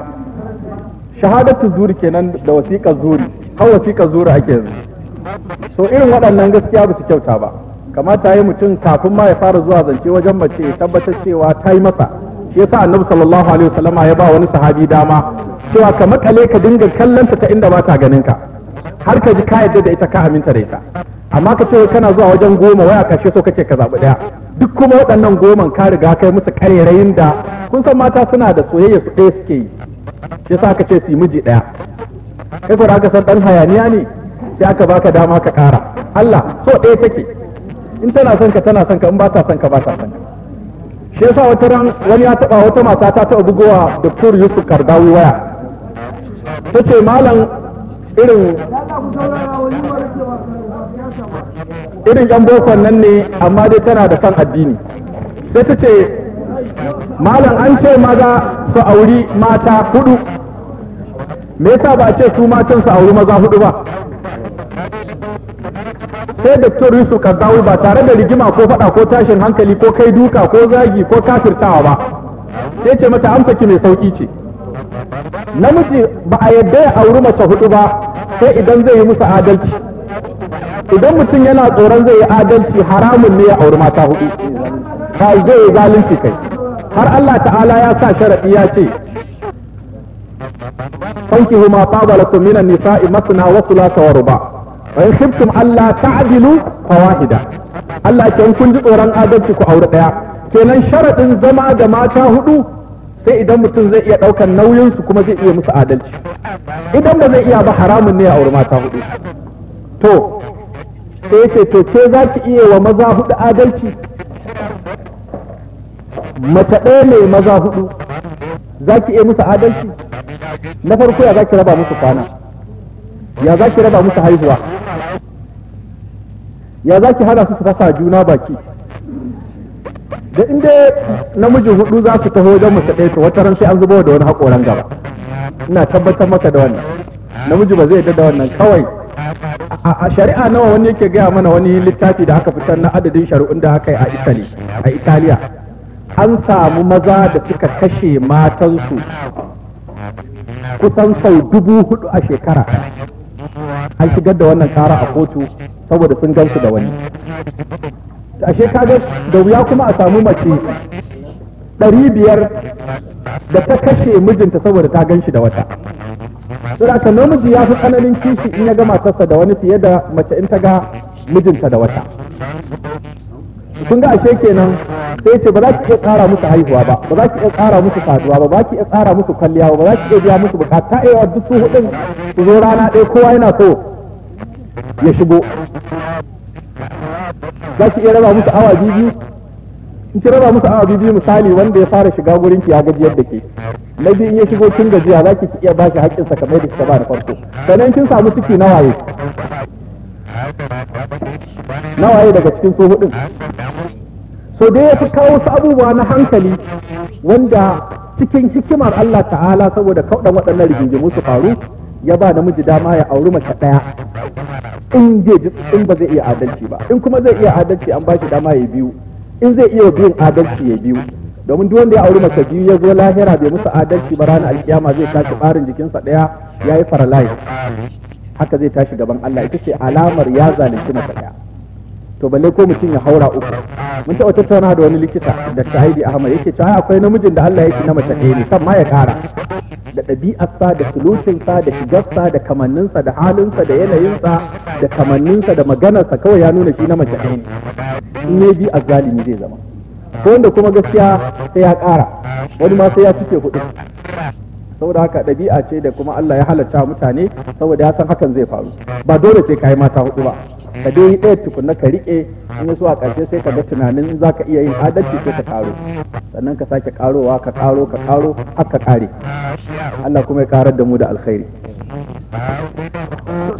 shahadatu zuri kenan da wasiƙar zuri har wasiƙar zuri ake yanzu so irin waɗannan gaskiya ba su kyauta ba kamata yi mutum kafin ma ya fara zuwa zance wajen mace tabbatar cewa ta yi masa shi yasa annabi sallallahu alaihi wasallama ya ba wani sahabi dama cewa ka makale ka dinga kallonta ta inda ba ta ganin ka har ka ji ka yadda da ita ka aminta da ita amma ka ce kana zuwa wajen goma waya kashe so kake ka zaɓi ɗaya duk kuma waɗannan goman ka riga kai musu karerayin da kun san mata suna da soyayya su ɗaya suke yi shi yasa ka ce su yi miji ɗaya kai ko da aka san ɗan hayaniya ne sai aka baka dama ka ƙara Allah so ɗaya take in tana son ka tana son ka in ba ta son ka ba ta son ka shi yasa wata ran wani ya taba wata mata ta taba bugowa Dr. Yusuf Kardawi waya tace malam irin irin yan bokon nan ne amma dai tana da son addini sai ta ce malam an ce maza su auri mata hudu me yasa ba ce su matan su auri maza hudu ba sai doktor yusuf Kazawu ba tare da rigima ko faɗa ko tashin hankali ko kai duka ko zagi ko kafirtawa ba sai ce mata amsaki mai sauki ce namiji ba a yadda ya auri mace hudu ba sai idan zai yi musu adalci idan mutum yana tsoron zai yi adalci haramun ne ya auri mata hudu ba zai yi zalunci kai har Allah ta'ala ya sa sharaɗi ya ce fankihu ma fadalakum minan nisa'i masna wa thulatha wa ba. wa in allah alla ta'dilu fawahida Allah ke kun ji tsoron adalci ku aure daya kenan sharaɗin zama da mata hudu sai idan mutum zai iya daukan nauyin kuma zai iya musu adalci idan ba zai iya ba haramun ne a aure mata hudu to sai ce to ke za ki iya wa maza hudu adalci mace ɗaya mai maza hudu za ki iya musu adalci na farko ya za ki raba musu kwana ya za ki raba musu haihuwa ya za ki hana su su fasa juna baki da inda namiji hudu za su taho don mace ɗaya to wata ran sai an zubo da wani haƙoran gaba ina tabbatar maka da wannan namiji ba zai yarda da wannan kawai a shari'a nawa wani yake gaya mana wani littafi da aka fitar na adadin shari'un da aka yi a italy a italiya an samu maza da suka kashe matansu kusan sau dubu hudu a shekara an shigar da wannan kara a kotu saboda sun gansu da wani ashe kaga da wuya kuma a samu mace ɗari biyar da ta kashe mijinta saboda ta gan shi da wata saboda namiji ya fi tsananin kishi in ya ga matarsa da wani fiye da mace in ta ga mijinta da wata sun ga ashe kenan sai ce ba za ki iya tsara musu haihuwa ba ba za ki iya tsara musu saduwa ba ba ki iya tsara musu kwalliya ba ba za ki iya biya musu bukata ta duk su hudun su zo rana ɗaya kowa yana so ya shigo za ki iya raba musu awa biyu in ki raba musu awa biyu misali wanda ya fara shiga gurin ki ya gaji yadda ke na biyu in ya shigo tun gajiya za ki iya ba shi haƙƙin sa kamar da kika ba da farko sannan kin samu ciki na waye na waye daga cikin su hudun so dai ya fi kawo wasu abubuwa na hankali wanda cikin hikimar Allah ta'ala saboda kauɗan waɗannan rigingimu su faru ya ba namiji dama ya auri mace ɗaya in zai ji in ba zai iya adalci ba in kuma zai iya adalci an ba shi dama ya biyu in zai iya biyun adalci ya biyu domin duk wanda ya auri mace biyu ya zo lahira bai musu adalci ba ranar alkiyama zai tashi barin jikinsa ɗaya ya yi faralai haka zai tashi gaban Allah ita ce alamar ya zalunci mace ɗaya to balle ko mutum ya haura uku mun taɓa tattauna da wani likita da shahidi ahmad yake cewa akwai namijin da Allah yake na mace ɗaya ne kan ma ya ƙara da ɗabi'arsa da sulutinsa da shigarsa da kamanninsa da halinsa da yanayinsa da kamanninsa da maganarsa kawai ya nuna shi na mace ɗaya ne in ya bi zalimi zai zama ko wanda kuma gaskiya sai ya ƙara wani ma sai ya cike kuɗi saboda haka ɗabi'a ce da kuma Allah ya halatta mutane saboda ya san hakan zai faru ba dole sai yi mata hudu ba ka dai yi ɗaya tukunna ka riƙe in yi a ƙarshe sai ka ga tunanin za ka iya yin adalci sai ka ƙaro sannan ka sake ƙarowa ka ƙaro ka ƙaro har ka ƙare Allah kuma ya ƙarar da mu da alkhairi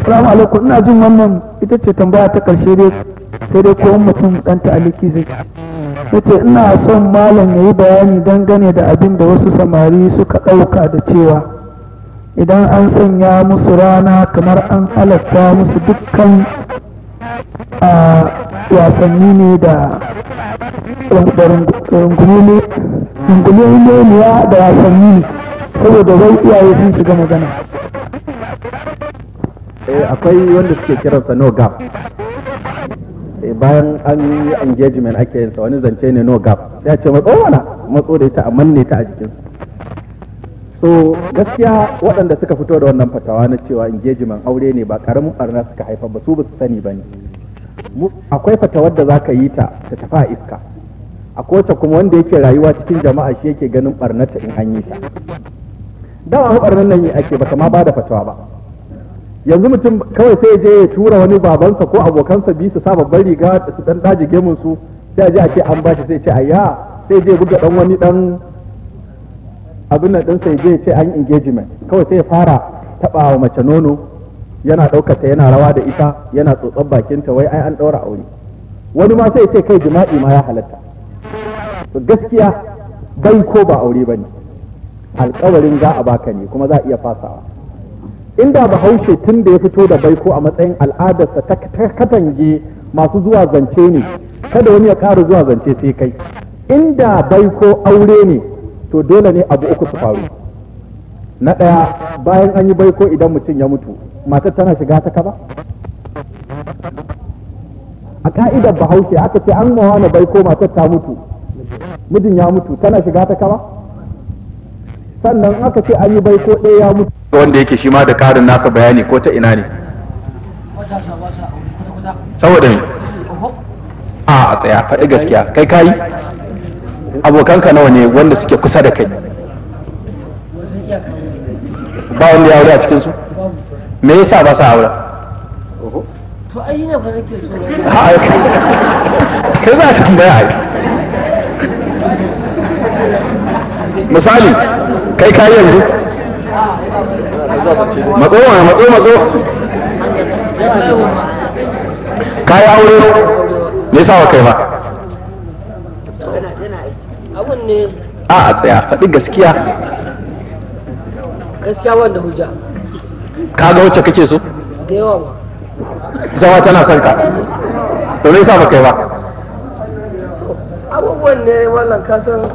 Salamu alaikum ina jin wannan ita ce tambaya ta ƙarshe dai sai dai ko mutum ɗan ta'aliki zai ce ina son malam ya yi bayani dangane da abin da wasu samari suka ɗauka da cewa idan an sanya musu rana kamar an halatta musu dukkan a wasanni ne da rungume ne da wasanni ne saboda wai iyaye sun shiga magana eh, akwai wanda suke kiransa no gap eh, bayan an yi engagement ake yinsa wani zance ne no gap ya ce matso matso da ita a manne ta a jikinsu so gaskiya waɗanda suka fito da wannan fatawa na cewa engagement aure ne ba karamin barna suka haifa ba su ba su sani ba ne akwai fatawar da za ka yi ta ta tafi a iska a kowace kuma wanda yake rayuwa cikin jama'a shi yake ganin barnata in an yi ta dawa barnan nan yi ake baka ma ba da fatawa ba yanzu mutum kawai sai je ya tura wani babansa ko abokansa bi su sa babban riga su dan daji gemun su sai a je a ce an ba shi sai ce ayya sai je buga dan wani ɗan. abin nan ɗinsa ya je ya ce an engagement kawai sai ya fara taɓa wa mace nono yana ɗaukata yana rawa da ita yana tsotsar bakinta wai ai an ɗaura aure wani ma sai ya ce kai jima'i ma ya halatta to gaskiya bai ko ba aure ba ne alkawarin za a baka ne kuma za a iya fasawa inda bahaushe tun da ya fito da baiko a matsayin al'adarsa ta katange masu zuwa zance ne kada wani ya ƙara zuwa zance sai kai inda baiko aure ne to dole ne abu uku su faru na ɗaya bayan an yi baiko idan mutum ya mutu matar tana shiga ta kaba a ka'idar bahaushe aka ce an mawa na baiko matar ta mutu mijin ya mutu tana shiga ta kaba sannan aka ce an yi baiko ɗaya ya mutu wanda yake shi ma da ƙarin nasa bayani ko ta ina ne saboda ne a a tsaya faɗi gaskiya kai kayi abokanka nawa ne wanda suke kusa da kai ba wanda ya aure a cikinsu me yasa ba sa aure to ai ne ba nake so kai za ta tambaya ai misali kai ka yanzu matso matso matso ka yi aure me yasa wa kai ba a a tsaya faɗi gaskiya gaskiya wanda hujja ka ga wacce kake so da yawa ma zama tana son ka domin sa kai ba abubuwan ne wannan kasan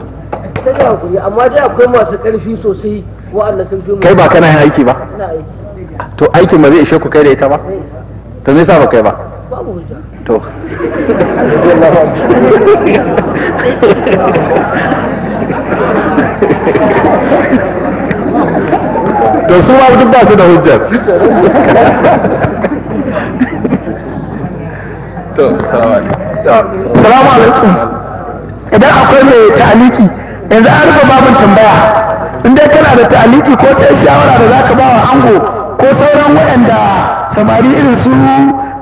sai da hakuri amma dai akwai masu ƙarfi sosai wa'anda sun fi kai ba kana yin aiki ba aiki to aikin ba zai ishe ku kai da ita ba to me yasa ba kai ba babu hujja to to su ma duk ba su da hujja to salamu alaikum idan akwai mai ta'aliki yanzu an rufe babin tambaya in dai kana da ta'aliki ko ta shawara da zaka ba wa ango ko sauran waɗanda samari irin su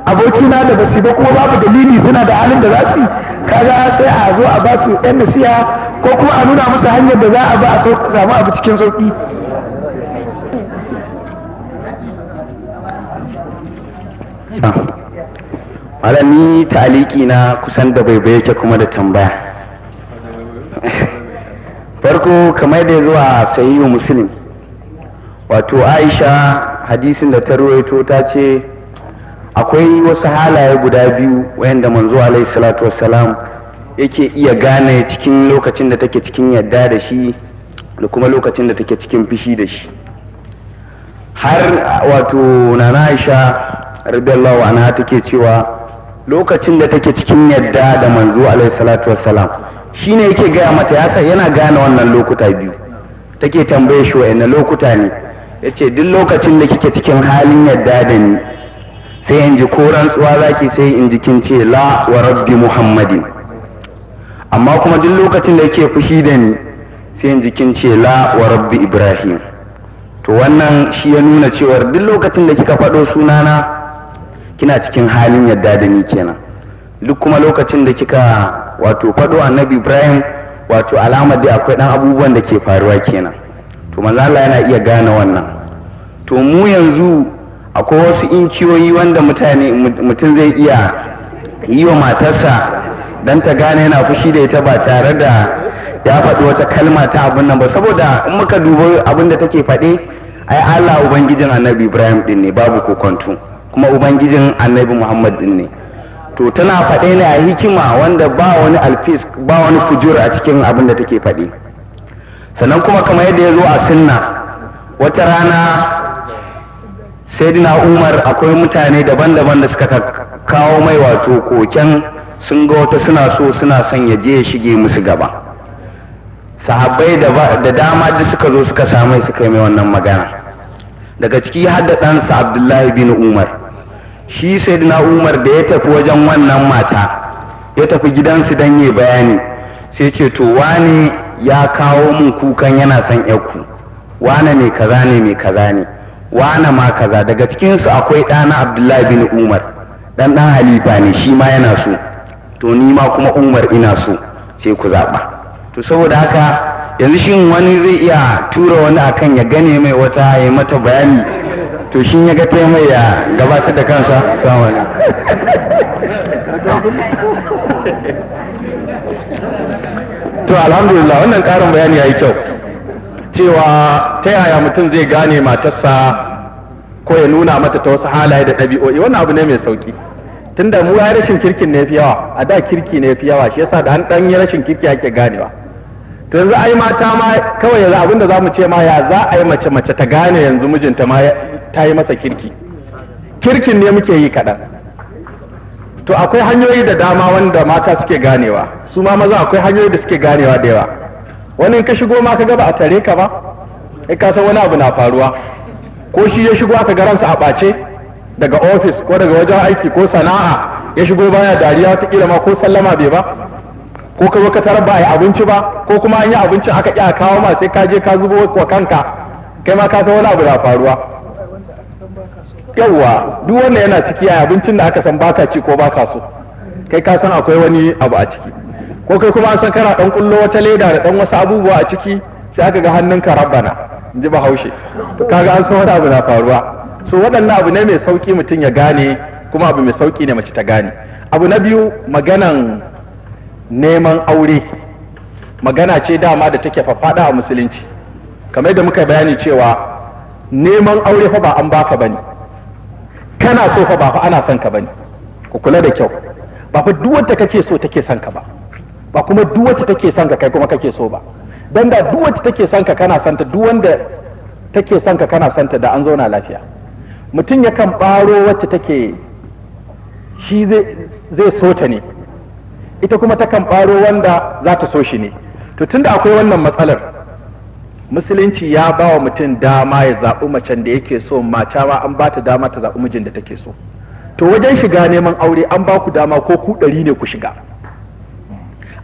abokina da basu ba kuma babu dalili suna da halin da za su kaga sai a zo a basu yan nasiha ko kuma a nuna musu hanyar da za a ba a samu abu cikin sauki malami ta'aliki na kusan da bai yake kuma da tambaya farko kamar da zuwa sahihu muslim wato aisha hadisin da ta ruwaito ta ce akwai wasu halaye guda biyu wayanda manzo alaihi salatu wassalam yake iya gane cikin lokacin da take cikin yadda da shi da kuma lokacin da take cikin fishi da shi har wato nana aisha radiyallahu anha take cewa lokacin da take cikin yadda da manzo alaihi salatu wassalam shine yake gaya mata yasa yana gane wannan lokuta biyu take tambaye shi wa lokuta ne yace duk lokacin da kike cikin halin yadda da ni sai in ji ko rantsuwa zaki sai in ji kin ce la wa rabbi muhammadin amma kuma duk lokacin da yake fushi da ni sai in ji kin ce la wa rabbi ibrahim to wannan shi ya nuna cewar duk lokacin da kika faɗo sunana kina cikin halin yadda da ni kenan duk kuma lokacin da kika wato faɗo annabi ibrahim wato alamar da akwai ɗan abubuwan da ke faruwa kenan to manzo Allah yana iya gane wannan to mu yanzu akwai wasu inkiyoyi wanda mutane mutum zai iya yi wa matarsa don ta gane yana fushi da ita ba tare da ya faɗi wata kalma ta abin nan ba saboda in muka duba abin da take faɗe ai Allah ubangijin annabi Ibrahim din ne babu kokonto kuma ubangijin annabi Muhammad din ne to tana faɗe ne a hikima wanda ba wani alfis ba wani fujur a cikin abin da take faɗi sannan kuma kamar yadda ya zo a sunna wata rana sayyidina umar akwai mutane daban-daban da suka kawo mai wato koken sun ga wata suna so suna son ya je ya shige musu gaba sahabbai da dama da suka zo suka same suka yi mai wannan magana daga ciki har da ɗansa abdullahi bin umar shi sayyidina umar da ya tafi wajen wannan mata ya tafi gidansu don yi bayani sai ce to wane ya kawo mun kukan yana son ku wane ne kaza ne mai kaza ne wa ma kaza daga cikinsu akwai ɗana abdullahi bin umar ɗan ɗan halifa ne shi ma yana so to ni ma kuma umar ina so sai ku zaɓa to saboda haka yanzu shin wani zai iya tura wani akan ya gane mai wata ya mata bayani to shin ya ga ya gabatar da kansa samun to alhamdulillah wannan ƙarin bayani ya yi kyau cewa ta yaya mutum zai gane matarsa ko ya nuna mata ta wasu halaye da ɗabi'o'i wannan abu ne mai sauki tunda mu ya rashin kirkin ne yawa a da kirki ne fi yawa shi yasa da an dan rashin kirki ake ganewa to yanzu ai mata ma kawai yanzu abin da zamu ce ma ya za a yi mace mace ta gane yanzu mijinta ma ta yi masa kirki kirkin ne muke yi kaɗan to akwai hanyoyi da dama wanda mata suke ganewa su ma maza akwai hanyoyi da suke ganewa da yawa wani ka shigo ma ka gaba a tare ka ba in ka san wani abu na faruwa ko shi ya shigo aka ga ransa a ɓace daga ofis ko daga wajen aiki ko sana'a ya shigo baya dariya ta kila ma ko sallama bai ba ko ka zo ka tarar ba a abinci ba ko kuma an yi abincin aka ƙi a kawo ma sai ka je ka zubo wa kanka kai ma ka san wani abu na faruwa yawwa duk wannan yana ciki a abincin da aka san baka ci ko baka so kai ka san akwai wani abu a ciki ko kai kuma an san kana ɗan kullo wata leda da ɗan wasu abubuwa a ciki sai aka ga hannun ka rabbana in ji bahaushe to kaga an san wani abu na faruwa so waɗannan abu ne mai sauki mutum ya gane kuma abu mai sauki ne mace ta gane abu na biyu maganan neman aure magana ce dama da take faɗa a musulunci kamar da muka bayani cewa neman aure fa ba an baka bane kana so fa ba fa ana son ka bane ku kula da kyau ba fa duk wanda kake so take son ka ba ba kuma duk wacce take son ka kai kuma kake so ba dan da duk wacce take son ka kana santa duk wanda take son ka kana santa da an zauna lafiya mutum kan baro wacce take shi zai so ta ne ita kuma ta kan baro wanda za ta so shi ne to tunda akwai wannan matsalar musulunci ya ba wa mutum dama ya zaɓi macen da yake so mata ma an ba ta dama ta zaɓi mijin da take so to wajen shiga neman aure an ba ku dama ko ku ɗari ne ku shiga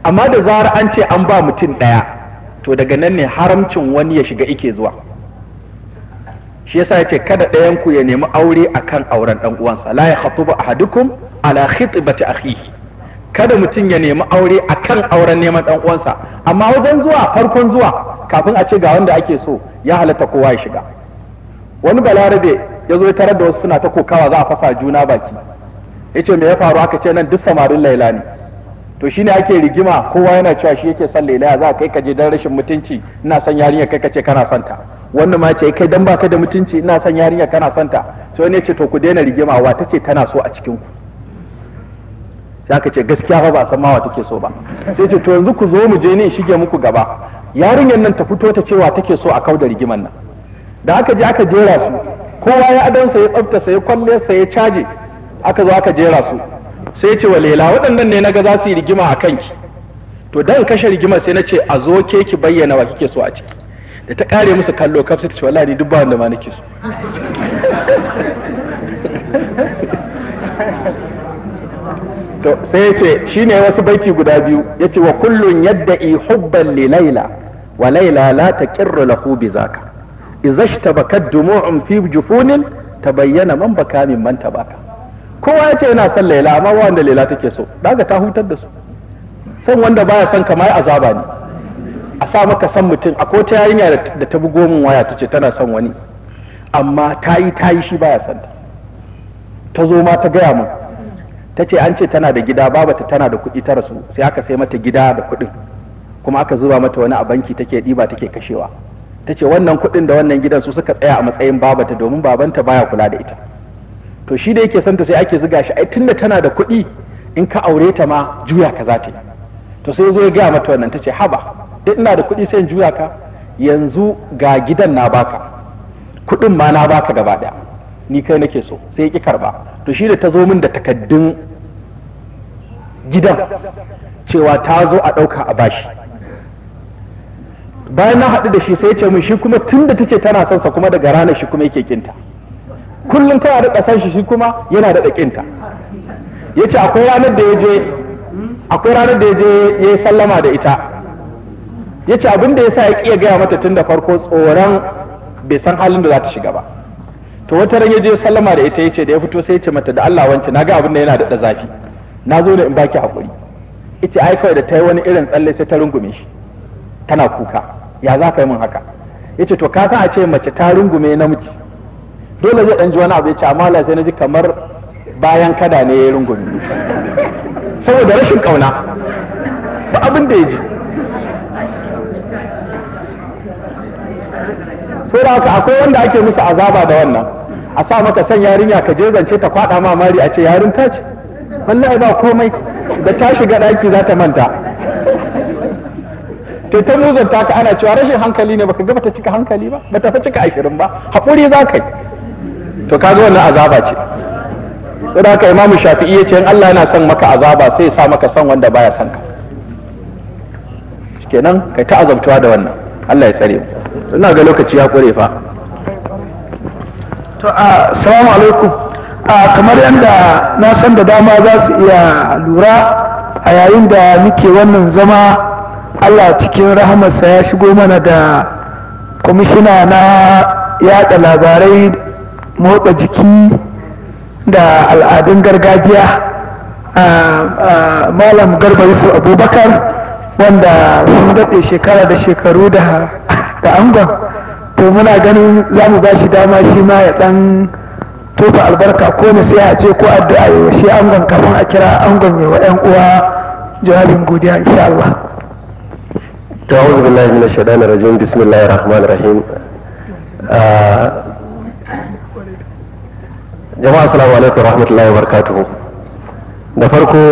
amma da zarar an ce an ba mutum ɗaya to daga nan ne haramcin wani ya shiga ike zuwa shi yasa ya ce kada ɗayan ku ya nemi aure a kan auren ɗan uwansa la ya khatubu ahadukum ala khitbati akhihi kada mutum ya nemi aure a kan auren neman ɗan uwansa amma wajen zuwa farkon zuwa kafin a ce ga wanda ake so ya halatta kowa ya shiga wani balarabe ya zo ya tarar da wasu suna ta kokawa za a fasa juna baki ya ce me ya faru aka ce nan duk samarin laila ne to shi ne ake rigima kowa yana cewa shi yake son lailaya za a kai ka je dan rashin mutunci ina son yarinya kai kace kana son ta wannan ma ce kai dan baka da mutunci ina son yarinya kana son ta sai wani yace to ku daina rigima wa tace tana so a cikin ku sai aka ce gaskiya fa ba san ma wa take so ba sai ce to yanzu ku zo mu je ne shige muku gaba yarinyar nan ta fito ta ce wa take so a kauda rigiman nan da aka je aka jera su kowa ya adansa ya tsafta ya kwalle sa ya caje aka zo aka jera su sai ce wa lela waɗannan ne naga za su yi rigima a kanki to dan kashe rigima sai na ce a zo ke ki bayyana wa kike so a ciki da ta kare musu kallo kaf sai ta ce wallahi duk ba wanda ma nake so to sai ce shine wasu baiti guda biyu yace wa kullun yadda i hubban li laila wa laila la taqirru lahu bi zaka izashtabakat dumu'un fi jufunin tabayyana man baka min man tabaka kowa ya ce yana son laila amma wanda laila take so daga ta hutar da su san wanda baya son kamar azaba ne a sa maka san mutum a ta yarinya da ta bugo min waya ta ce tana son wani amma ta yi ta yi shi baya son ta ta zo ma ta gaya min ta ce an ce tana da gida babata tana da kuɗi ta rasu sai aka sai mata gida da kuɗin kuma aka zuba mata wani a banki take ɗiba take kashewa ta ce wannan kuɗin da wannan gidan su suka tsaya a matsayin babata domin babanta baya kula da ita to shi da yake ta sai ake ziga shi ai tunda tana da kuɗi in ka aure ta ma juya ka za ta yi to sai zo ya gaya mata wannan ta ce haba duk ina da kuɗi sai in juya ka yanzu ga gidan na baka kuɗin ma na baka gaba ɗaya ni kai nake so sai ya ki karba to shi da ta zo min da takaddun gidan cewa ta zo a ɗauka a bashi bayan na haɗu da shi sai ya ce min shi kuma tun ta ce tana son sa kuma daga ranar shi kuma yake kinta kullum tana da kasar shi kuma yana da ɗakinta ya ce akwai ranar da ya je akwai ranar da ya je ya yi sallama da ita ya ce abin da ya sa ya ƙiya gaya mata tun da farko tsoron bai san halin da za ta shiga ba to wata ran ya je sallama da ita ya ce da ya fito sai ya ce mata da Allah wance na ga abin da yana da zafi na zo da in baki Ya ita ai kawai da ta yi wani irin tsalle sai ta rungume shi tana kuka ya za ka yi min haka ya ce to ka san a ce mace ta rungume namiji dole zai ɗan ji wani abu ya ci amma Allah sai na ji kamar bayan kada ne ya rungumi saboda rashin kauna ba abin da ya ji da haka akwai wanda ake musu azaba da wannan a sa maka san yarinya ka je zance ta kwada mamari a ce yarin ta ce wallahi ba komai da ta shiga ɗaki za ta manta ta ta muzanta ka ana cewa rashin hankali ne baka ga ta cika hankali ba ba ta fa cika ashirin ba haƙuri za ka yi to ka zo wannan azaba ce sai da imamu shafi'i ya ce in Allah yana son maka azaba sai ya sa maka son wanda baya son ka kenan kai ta azabtuwa da wannan Allah ya tsare mu ina ga lokaci ya kure fa to assalamu alaikum kamar yadda na san da dama za su iya lura a yayin da muke wannan zama Allah cikin rahamarsa ya shigo mana da kwamishina na yada labarai motsa jiki da al'adun gargajiya a malam garba yusuf abubakar wanda sun daɗe shekara da shekaru da angon to muna ganin za mu ba shi dama shi ma ya ɗan tofa albarka ko a ce ko addu'a yi shi angon kafin a kira angon yi wa 'yan uwa jawabin godiya insha Allah. ta billahi min shaidanar rajim bismillahir rahmanir rahim jama'a assalamu alaikum rahmatullahi wa barakatuhu da farko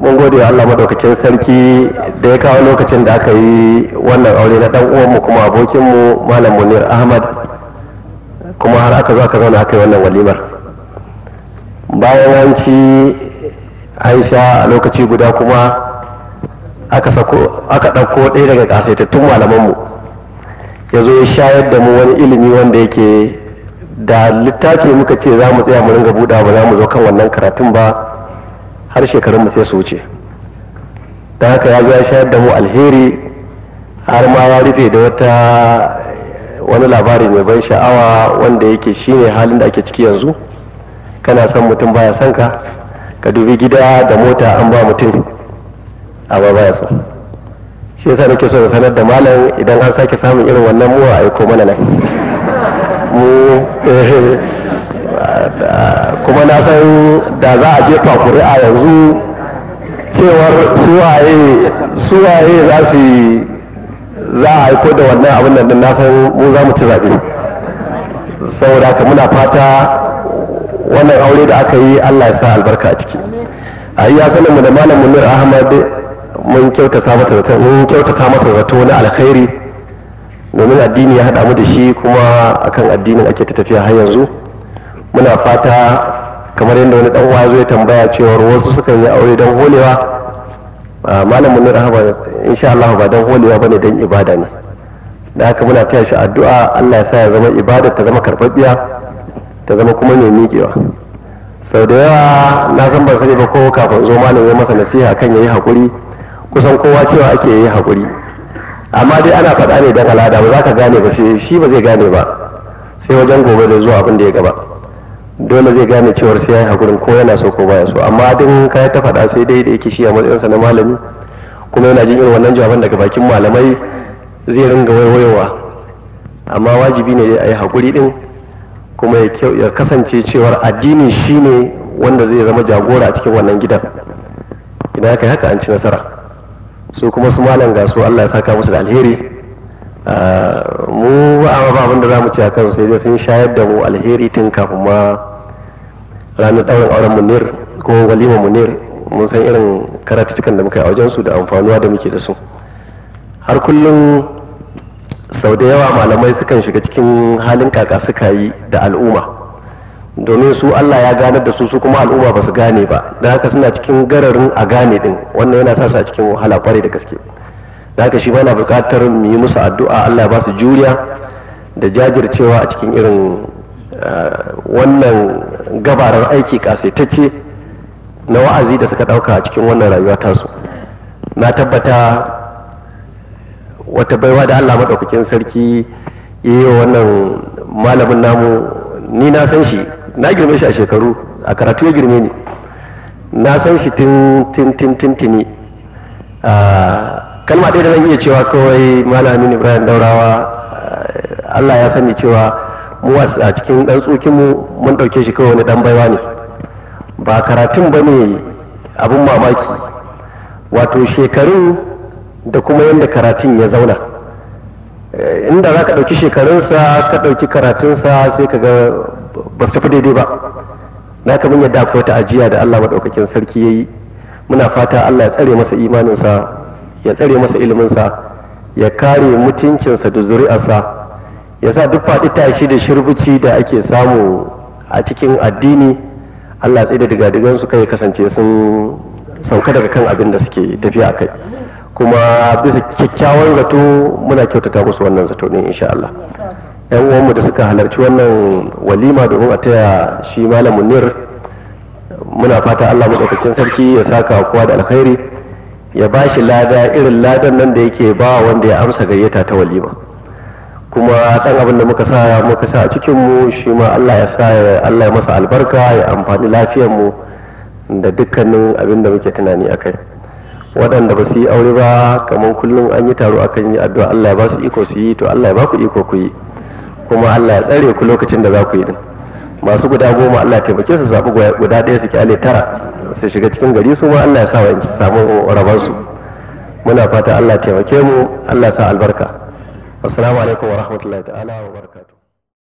mun gode wa Allah madaukakin sarki da ya kawo lokacin da aka yi wannan aure na dan uwanmu kuma abokin mu malam munir ahmad kuma har aka zo aka zauna aka yi wannan walimar bayan yanci aisha a lokaci guda kuma aka sako aka ɗauko ɗaya daga kafetattun malamanmu ya zo ya shayar da mu wani ilimi wanda yake da littafi muka ce za mu tsaya mu ringa buɗa ba za mu zo kan wannan karatun ba har shekarunmu sai su wuce ta haka ya zo ya shayar da mu alheri har ma ya rufe da wata wani labari mai ban sha'awa wanda yake shine halin da ake ciki yanzu kana son mutum baya son ka ka dubi gida da mota an ba mutum a ba baya so shi yasa nake so da sanar da malam idan an sake samun irin wannan muwa aiko mana nan mu eh, kuma na san da za a jefa kuri'a yanzu cewar suwaye za su za a haiko da wannan abin da na san mu za mu ci zaɓe saboda haka muna fata wannan aure da aka yi allah ya sa albarka a ciki a iya sanin mu da malam munir ahmad mun kyautata masa zato na alkhairi domin addini ya haɗa mu da shi kuma akan addinin ake ta tafiya har yanzu muna fata kamar yadda wani dan uwa ya tambaya cewar wasu sukan yi aure don holewa malam munir rahaba insha Allah ba don holewa bane don ibada ne da haka muna taya shi addu'a Allah ya sa ya zama ibada ta zama karbabbiya ta zama kuma mai miƙewa sau da yawa na san ban sani ba ko kafin zo malam ya masa nasiha kan yayi hakuri kusan kowa cewa ake yi hakuri amma dai ana faɗa ne da al'ada ba za ka gane ba sai shi ba zai gane ba sai wajen gobe da zuwa abin da ya gaba dole zai gane cewar sai ya yi hakurin ko yana so ko baya so amma din ka ta faɗa sai dai da yake shi a matsayinsa na malami kuma yana jin irin wannan jawaban daga bakin malamai zai ringa waiwayowa amma wajibi ne a yi hakuri din kuma ya kasance cewar addini shine wanda zai zama jagora a cikin wannan gidan idan aka yi haka an ci nasara su kuma su malam ga su allah ya saka musu da alheri ah, mu ba ba abin da za mu ci a kansu sai dai sun shayar da mu alheri tun kafin ma ranar ɗaurin auren munir ko walima munir mun san irin karatutukan da muka yi a su da amfanuwa da muke da su har kullum sau da yawa malamai sukan shiga cikin halin kaka suka yi da al'umma domin su Allah ya ganar da su su kuma al'umma ba su gane ba da haka suna cikin gararin a gane din wannan yana sa su a cikin wahala kwarai da gaske da haka shi bana bukatar mu yi musu addu'a Allah ba su juriya da jajircewa a cikin irin eh, wannan gabaran aiki kasaitacce na wa'azi da suka ɗauka a cikin wannan rayuwa ta su na tabbata wata baiwa da Allah maɗaukakin sarki ya yi wa wannan malamin namu ni na san shi na girme shi a shekaru a karatu ya girme ni na san shi tintintintini ah, kalma ɗaya da zan iya cewa kawai malamin ibrahim daurawa ah, allah ya sani cewa mu a cikin ɗan mu mun ɗauke shi kawai wani ɗan baiwa ne ba karatun ba ne abin mamaki wato shekaru da kuma yadda karatun ya zauna inda za ka ɗauki shekarunsa ka ɗauki karatunsa sai ka ga ba su tafi daidai ba na kamar yadda akwai wata ajiya da allah maɗaukakin sarki ya yi muna fata allah ya tsare masa imaninsa ya tsare masa iliminsa ya kare mutuncinsa da zuri'arsa ya sa duk faɗi tashi da shirbici da ake samu a cikin addini allah tsaye da digadigansu kai kasance sun sauka daga kan abin da suke tafiya a kai kuma bisa kyakkyawan zato muna kyautata musu wannan zato ne insha Allah yan uwanmu da suka halarci wannan walima domin a taya shi malamin nir muna fata Allah maɗaukakin sarki ya saka kowa da alkhairi ya ba shi lada irin ladan nan da yake ba wanda ya amsa gayyata ta walima kuma ɗan abin da muka sa muka sa a cikin mu shi ma Allah ya sa Allah ya masa albarka ya amfani lafiyar mu da dukkanin abin da muke tunani akai waɗanda ba su yi aure ba kamar kullum an yi taro akan yi addu'a Allah ya ba su iko su yi to Allah ya ba ku iko ku yi kuma Allah ya tsare ku lokacin da za ku yi din masu guda goma Allah ya taimake su zaɓi guda ɗaya su kyale tara su shiga cikin gari su ma Allah ya sa wa su samu su muna fata Allah ya taimake mu Allah ya sa albarka assalamu alaikum wa rahmatullahi ta'ala wa barakatuh